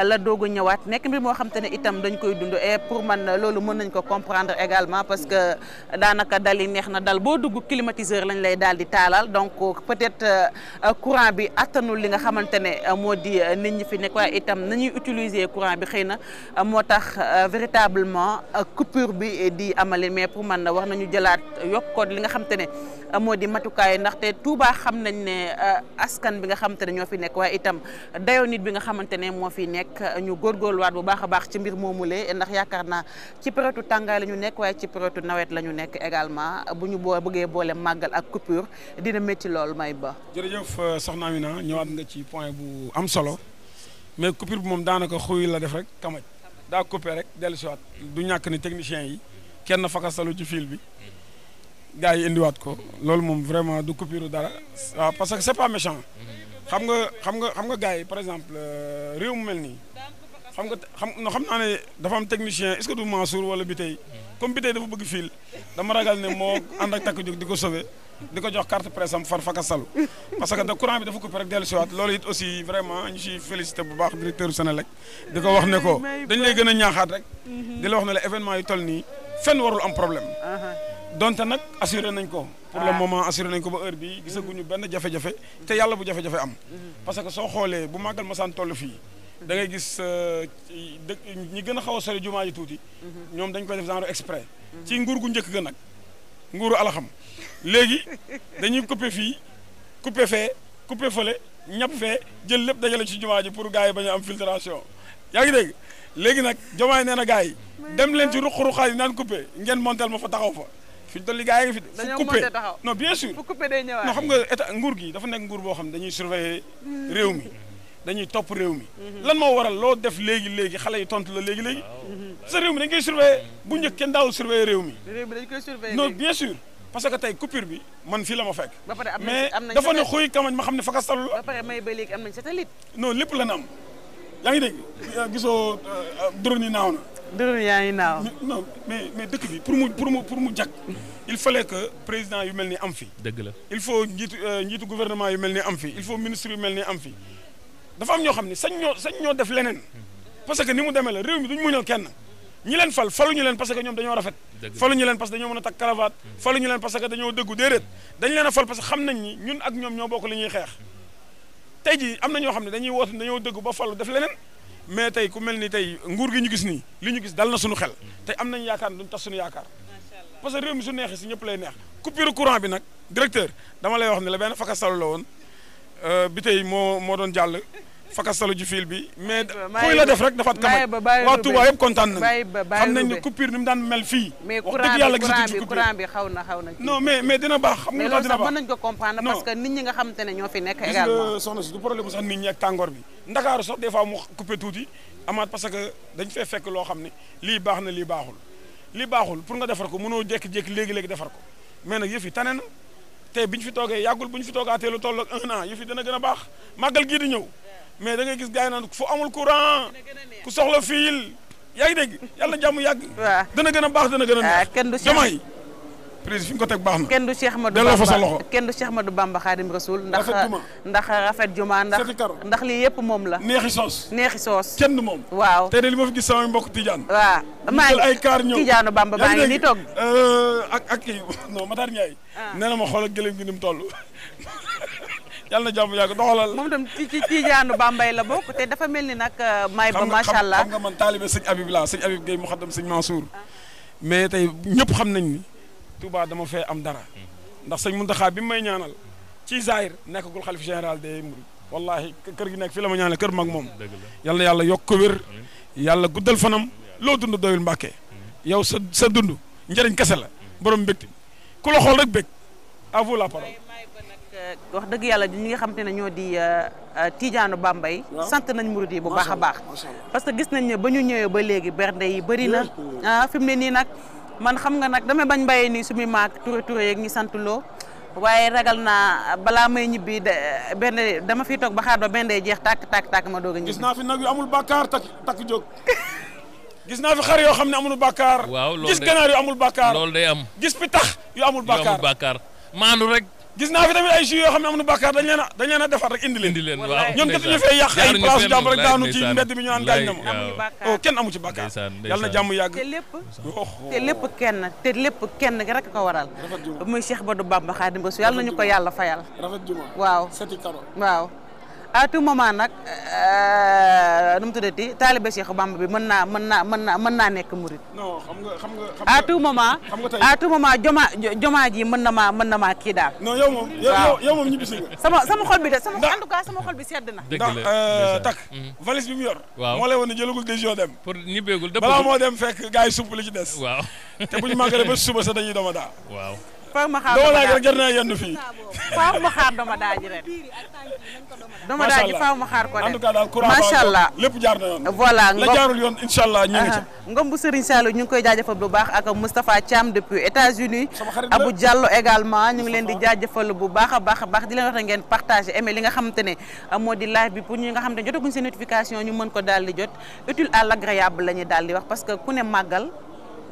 la doog ñëwaat nekk mbir moo xam te itam dañ koy dund e pour man loolu mën nañ ko comprendre également parce que daanaka dal yi neex na dal boo dugg climatiseur lañ lay daal di taalal donc peut-être euh, courant bi attanul li nga xamante ne euh, moo di euh, nit ñi fi nekk waaye itam nañuy utiliser courant bi xëy na moo tax véritablement coupure bi di amali mais pour man war nañu jëlaat yokkoot li nga xam ne moo di matukaay ndaxte Touba xam nañ ne euh, askan bi nga xamante ne ñoo fi nekk waaye itam dayoo nit bi nga xamante ne moo fi nekk ñu góor góorgóorluwaat bu baax a baax ci mbir moomule ndax yaakaar naa ci période tàngaay la ñu nekk waaye ci période nawet la ñu nekk également bu ñu boo bëggee boole màggal ak coupure dina métti lool may ba. jërëjëf euh, soxna Amina ñëwaat nga ci point bu am solo mais coupure bi moom daanaka xuy la def rek kamaj daa coupé rek dellusiwaat du ñàkk ni technicien yi kenn solo ci fil bi. gars yi indiwaat ko loolu moom vraiment du coupure dara waaw parce que c'est pas méchant xam nga xam nga xam nga gars yi par exemple euh, réew mu mel nii xam nga xam no xam naa ne dafa am technicien est-ce que du Mansour wala bi tey comme bi tey dafa bëgg fiil dama ragal ne moo ànd ak takk jóg di ko sauver di ko jox carte par am far faka salu parce que da courant bi dafa coupé rek dellu siwaat loolu it aussi vraiment ñu ciy félicité bu baax directeur Senelec di ko wax ne ko dañ lay gën a ñaaxaat rek di la wax ne la événement yu toll nii fenn warul am problème donte nag assuré nañ ko. pour ah. moment assuré nañ ko ba heure bi gisaguñu benn jafe-jafe. te yàlla bu jafe-jafe am. Mm-hmm. parce que soo xoolee bu màggal masaan toll fii. Mm-hmm. dangay ngay gis euh, dëkk ñi gën a xaw a sori jumaa ji tuuti. Mm-hmm. ñoom dañ koy def genre exprès. ci nguur gu njëkk ga nag nguuru alxam léegi dañuy coupé fii coupé fee coupé fële ñap fee jël lépp dajale ci jumaa ji pour gars yi bañ a am filtration yaa ngi dégg léegi nag jomaay nee na gars yi dem leen ci ruq-ruqaay yi naan coupé ngeen montel ma fa taxaw fa. fi ñu toll li gars yi nga fi dañoo coupé taxaw non bien sûr bu xam nga état nguur gi dafa nekk nguur boo xam dañuy surveiller hmm. réew mi dañuy topp réew mi hmm. lan moo waral loo def léegi léegi xale yi tontu la léegi léegi hmm. sa réew mi dañ koy bu njëkk kenn daawul surveiller réew mi réew mi dañ koy surveiller non bien sûr parce que tey coupure bi man fii la ma fekk mais dafa ne xuy kamañ ma xam ne fakastalu la ba pare may ba léegi am nañ satellite non lépp la na am yaa ngi dégg gisoo euh, euh, drone yi naaw na dërëm yaa ngi naaw. non mais mais dëkk bi pour mu pour mu pour mu jag. il fallait que président yu mel ni am fi. dëgg la il faut njiitu euh, njiitu gouvernement yu mel ni am fi il faut ministre yu mel ni am fi dafa am ñoo xam ne sañ ñoo sañ ñoo def leneen. parce que ni mu demee la réew mi duñ muñal kenn. ñi leen fal faluñu leen parce que ñoom dañoo rafet faluñu leen parce que dañoo mën a takk cravate faluñu leen parce que dañoo dëggu déedéet dañ leen a fal parce que xam nañ ni ñun ak ñoom ñoo bokk li ñuy xeex tey jii am na ñoo xam ne dañuy woote dañoo dëggu ba falu def leneen mais tey ku mel ni tey nguur gi ñu gis nii li ñu gis dal na suñu xel tey am nañ yaakaar ne duñu tax suñu yaakaar parce que réew mi su neexee si ñëpp lay neex coupure courant bi nag directeur dama lay wax ne la benn fakastalu la woon euh, bi tey moo moo doon jàll fakastalu ji fiil bi mais kuy la def rek dafa kam waa Touba yëpp kontaan nañ xam nañ ne coupure ni mu daan mel fii wax dëgg yàlla gisatuñ ci coupure bi xaw baax xam nga tax baax mën que nit nekk également bi ndakaaru sax des fois mu tuuti amaat parce que dañ fee fekk loo xam ne lii baax na lii baaxul lii baaxul pour nga defar ko mënoo jékki-jékki léegi-léegi defar ko mais nag yëf yi tane na te biñu fi toogee yàggul bu ñu fi toogaatee lu toll ak un an yëf yi gën a baax màggal gii di ñëw mais da ngay gis gars yi naan fu amul courant ku soxla fiil yaa ngi dégg yàlla na jàmm yàgg. waaw dana gën a baax dana gën a neex. Ah, kenn du jama yi. président fi nga ko teg baax na. kenn du Cheikh Ahmadou Bamba sa loxo kenn du Cheikh Ahmadou Bamba Xaadim Rasul. ndax ndax rafet juma ndax ndax lii yëpp moom la. neexi soos neexi soos. kenn du moom. waaw tey de li ma fi gis samay mbokk Tijaan. waaw maa ngi ay Bamba baa ngi nii toog. Euh, ak ak kii non Matar Ndiaye. Ah. nee na ma xool a gëlëm gi ni mu toll. yàlla na jàmm yàgg doxalal moom itam ci ci ci jaanu Bambey la bokk te dafa mel ni nag euh, may ba macha allah xam nga man taalibe sëñ Habib laa sëñ Habib Gueye mu xaddam sëñ Mansour mais tey ñëpp xam nañ ni Touba dama fee am dara ndax sëñ Mountakha bi may ñaanal ci Zahir nekkagul xalif général des Mourides wallahi kër gi nekk fii la ma ñaanal kër mag moom yàlla na yàlla yokk ko wér yàlla guddal fanam loo dund doyul Mbàkke yow sa sa dund njëriñ kese la borom mbégte ku la wax dëgg yàlla ñi nga xam te ne ñoo di euh, euh, tijaanu Bambey sant nañ murid yi bu baax a baax parce que gis nañ ne ba ñu ñëwee ba léegi bernde yi bëri na ah mu ne nii nag man xam nga nag damay bañ bàyyi nii suñu maak turé turé yeeg ñi sant loo waaye ragal naa balaa may ñibbi benn dama fiy toog ba xaar ba benn jeex tàkk tàkk tàkk ma doog a ñibbi. gis naa fi nag yu amul bàkkaar takk takk jóg gis naa fi xar yoo xam ne amul bàkkaar. waaw loolu gis ganaar yu amul bàkkaar. loolu day am gis pitax amul bàkkaar yu rek. gis naa fi tamit ay jus xam ne amuñu bàkkaar dañ leen a dañ leen a defar rek indi leen indi leen waaw ñoom jotuñu fee yàq ay place jàmm rek daanu ci mbedd bi ñu naan gaañ na ma oh kenn amu ci bàkkaar yàlla na jàmm yàgg te lépp oh. te lépp kenn te lépp kenn rek ko waral muy Cheikh Badou Bamba Khadim Rassoul yàlla nañu ko yàlla fayal rafet waaw à tout moment nag euh, nu mu tuddati taalibe Cheikh Bamba bi mën naa mën naa mën naa mën naa nekk murit. non xam nga xam nga. xam xam nga tey à tout moment joma joma ji mën na maa mën na maa kii daal. non yow moom yow yow ñibbisi sama sama xol bi de sama en tout sama xol bi sedd na. dëgg la ndax euh, takk. Mhm. valise bi mu yor. waaw moo lay woon ne jëlagul décision dem. pour ñibbeegul balaa moo dem fekk gars yi supp li ci des. waaw te bu ñu màggalee ba suba sa dañuy dooma daa. waaw. foog ma xaar dama laaj rek naa yendu fii. faaw ma xaar dama daaji ren. ma xaar ko ren en tout cas macha allah lépp jaar na voilà la jaarul yoon incha allah ñu ngi ci. ngom bu Serigne Sall ñu ngi koy jaajëfal bu baax ak Moustapha Thiam depuis États-Unis Abou Diallo également ñu ngi leen di jaajëfal bu baax a baax a baax di leen wax na ngeen partagé aimé li nga xamante ne moo di live bi pour ñi nga xam ne jotaguñ seen notification ñu mën ko daal di jot utile à l'agréable la ñuy daal di wax parce que ku ne màggal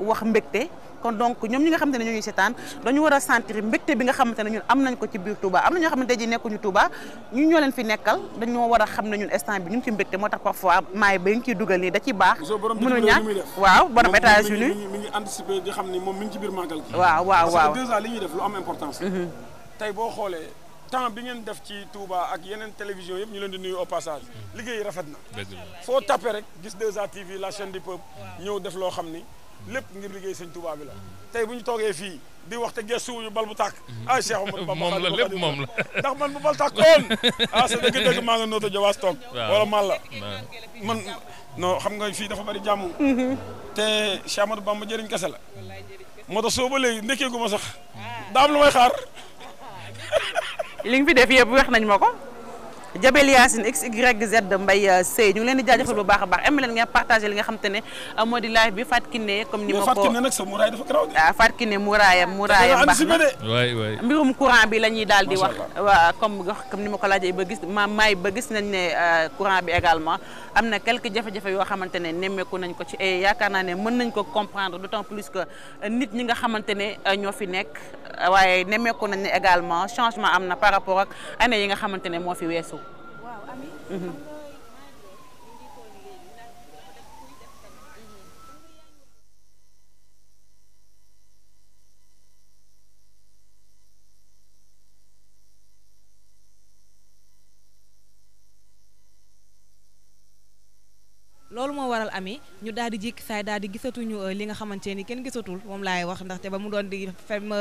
wax mbégte kon donc ñoom ñi nga xamante ne ñoo ñuy seetaan dañu war a sentir mbégte bi nga xamante ne ñun am nañ ko ci biir Touba am na ñoo xamante ji nekkuñu Touba ñun ñoo leen fi nekkal dañoo war a xam ne ñun instant bi ñun ci mbégte moo tax parfois maay ba ngi ciy dugal nii da ci baax mënul ñàkk waaw borom États-Unis mi ngi anticiper di xam ne moom mi ngi ci biir màggal gi waaw waaw waaw parce que déjà li ñuy def lu am importance mhm. tey boo xoolee temps bi ngeen def ci Touba ak yeneen télévision yëpp ñu leen di nuyu au passage mhm. liggéey rafet na foo tapé rek gis 2A TV la chaîne du peuple ñëw def loo xam ni lépp ngir liggéey sëñ Touba bi la tey bu ñu toogee fii di wax te gestu wuñu bal bu tàkk ah Cheikh ma Bamba moom la lépp moom la ndax man bu bal tàkkoon ah sa dëgg dëgg maa nga noota jawaas toog wala mal la man non xam nga fii dafa bari jàmm mhm. te Cheikh Ahmadou Bamba jëriñ kese la moo tax soo ba léegi ndekkeegu ma sax daam lu may xaar li nga fi def yëpp wax nañ ma ko Jabel Yacine XYZ Mbaye euh, Seye ñu leen di jaajëfal bu baax a baax am leen ngeen partagé li nga xam ne euh, moo di live bi Fatou Kiné comme ni ma ko ah, mbirum courant bi la ñuy daal di wax waaw comme comme ni ma ko laajee ba gis ma maay ba nañ ne euh, courant bi également am na quelques jafe yoo xamante ne nemmeeku nañ ko ci yaakaar naa ne mën nañ ko comprendre d'autant plus que nit ñi nga xamante ne ñoo fi nekk waaye nemmeeku nañ ne également changement am na par rapport ak année yi nga xamante ne moo fi weesu loolu moo waral ami ñu daal di jékki saay gisatuñu euh, li nga xamante ni kenn gisatul moom laay wax ndaxte ba mu doon di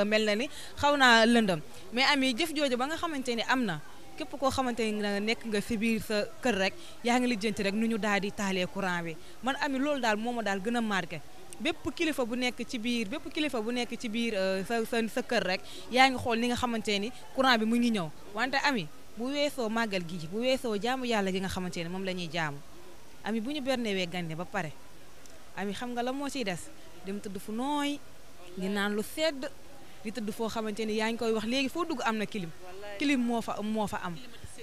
mel na ni xaw naa lëndëm mais ami jëf jooju ba nga xamante ni am na képp koo xamante ni nga nekk nga fi biir sa kër rek yaa ngi lijjanti rek nu ñu daal di taalee courant bi man ami loolu daal moom ma daal gën a marqué bépp kilifa bu nekk ci biir bépp kilifa bu nekk ci biir euh, sa sa sa kër rek yaa ngi xool ni nga xamante ni courant bi mu ngi ñëw wante ami bu weesoo màggal gi bu weesoo jaamu yàlla gi nga xamante ni moom la ñuy jaamu ami bu ñu we gande ba pare ami xam nga la moo ciy des dem tëdd fu nooy di naan lu sedd di tëdd foo xamante ni yaa ngi koy wax léegi foo dugg am na clim clim moo fa moo fa am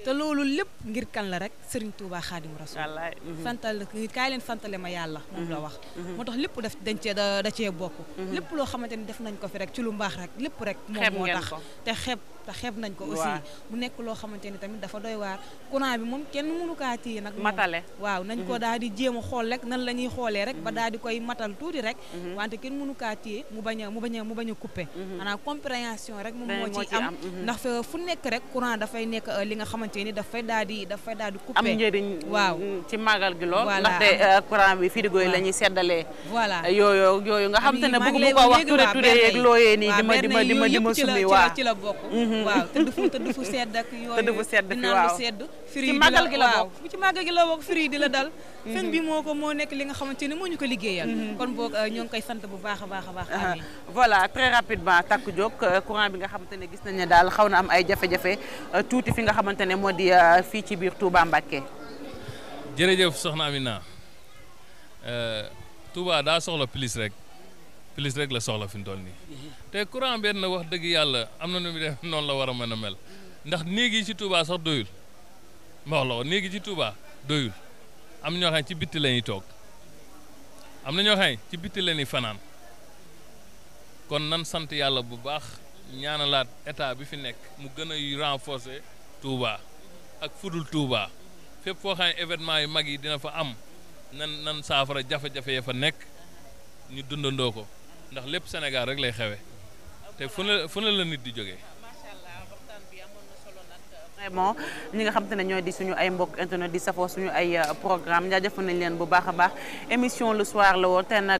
te loolu lépp ngir kan la rek Serigne Touba Xaadimu Rasuul mhm. santal kaay leen santale ma yàlla moom la mhm, wax mhm. moo tax lépp def dañ cee da da cee bokk lépp loo xamante ni def nañ ko fi rek ci lu mbaax rek lépp rek moom moo tax te xeeb te xeeb nañ ko aussi mu nekk loo xamante ni tamit dafa doy waar courant bi moom kenn mënu kaa téye nag matale waaw nañ ko mhm. daal di jéem a xool rek nan la ñuy xoolee rek ba mhm. daal di koy matal tuuti rek mhm. wante kenn mënu kaa téye mu bañ mu bañ a mu bañ a coupé xanaa rek moom moo ci am ndax fa euh, fu nekk rek courant dafay nekk euh, li nga xamante ni dafay daal di dafay daal di coupé am njëriñ waaw mm, ci màggal gi lool ndaxte euh, courant bi frigo yi la ñuy seddalee voilà yooyu yooyu nga xam te ne bëgg mu ko wax ture ture yeeg looyee nii di ma di ma Mm-hmm. waaw tëdd fu tëdd fu sedd ak yooyu tëdd fu sedd fi waaw sedd gi la waaw di la dal fen mm-hmm. bi moo ko moo nekk li nga xamante ni moo ñu ko liggéeyal mm-hmm. kon boog euh, ñoo ngi koy sant bu baax a baax a baax voilà très rapidement takku jóg euh, courant bi nga xamante ne gis nañ ne daal xaw na am ay jafe-jafe euh, tuuti fi nga xamante ne moo di fii ci biir Touba Mbacké jërëjëf soxna Amina Touba daa soxla plus rek pilis rek la soxla fi mu toll nii te courant benn wax dëgg yàlla am na nu mu def noonu la war a mën a mel ndax néeg yi ci Touba sax doyul ma wax la ko néeg yi ci Touba doyul am na ñoo xam ci bitti la ñuy toog am na ñoo xam ci bitti la ñuy fanaan kon nan sant yàlla bu baax ñaanalaat état bi fi nekk mu gën a renforcer Touba ak fudul Touba fépp foo xam événement yu mag yi dina fa am nan nan saafara jafe-jafe ya fa nekk ñu dundandoo ko. ndax lépp Sénégal rek lay xewe te fu ne fu ne la nit di jógee. vraiment ñi nga xam te ne ñooy di suñu ay mbokk internet di safoo suñu ay euh, programme jaajëfal nañ leen bu baax a baax émission le soir la woon te nag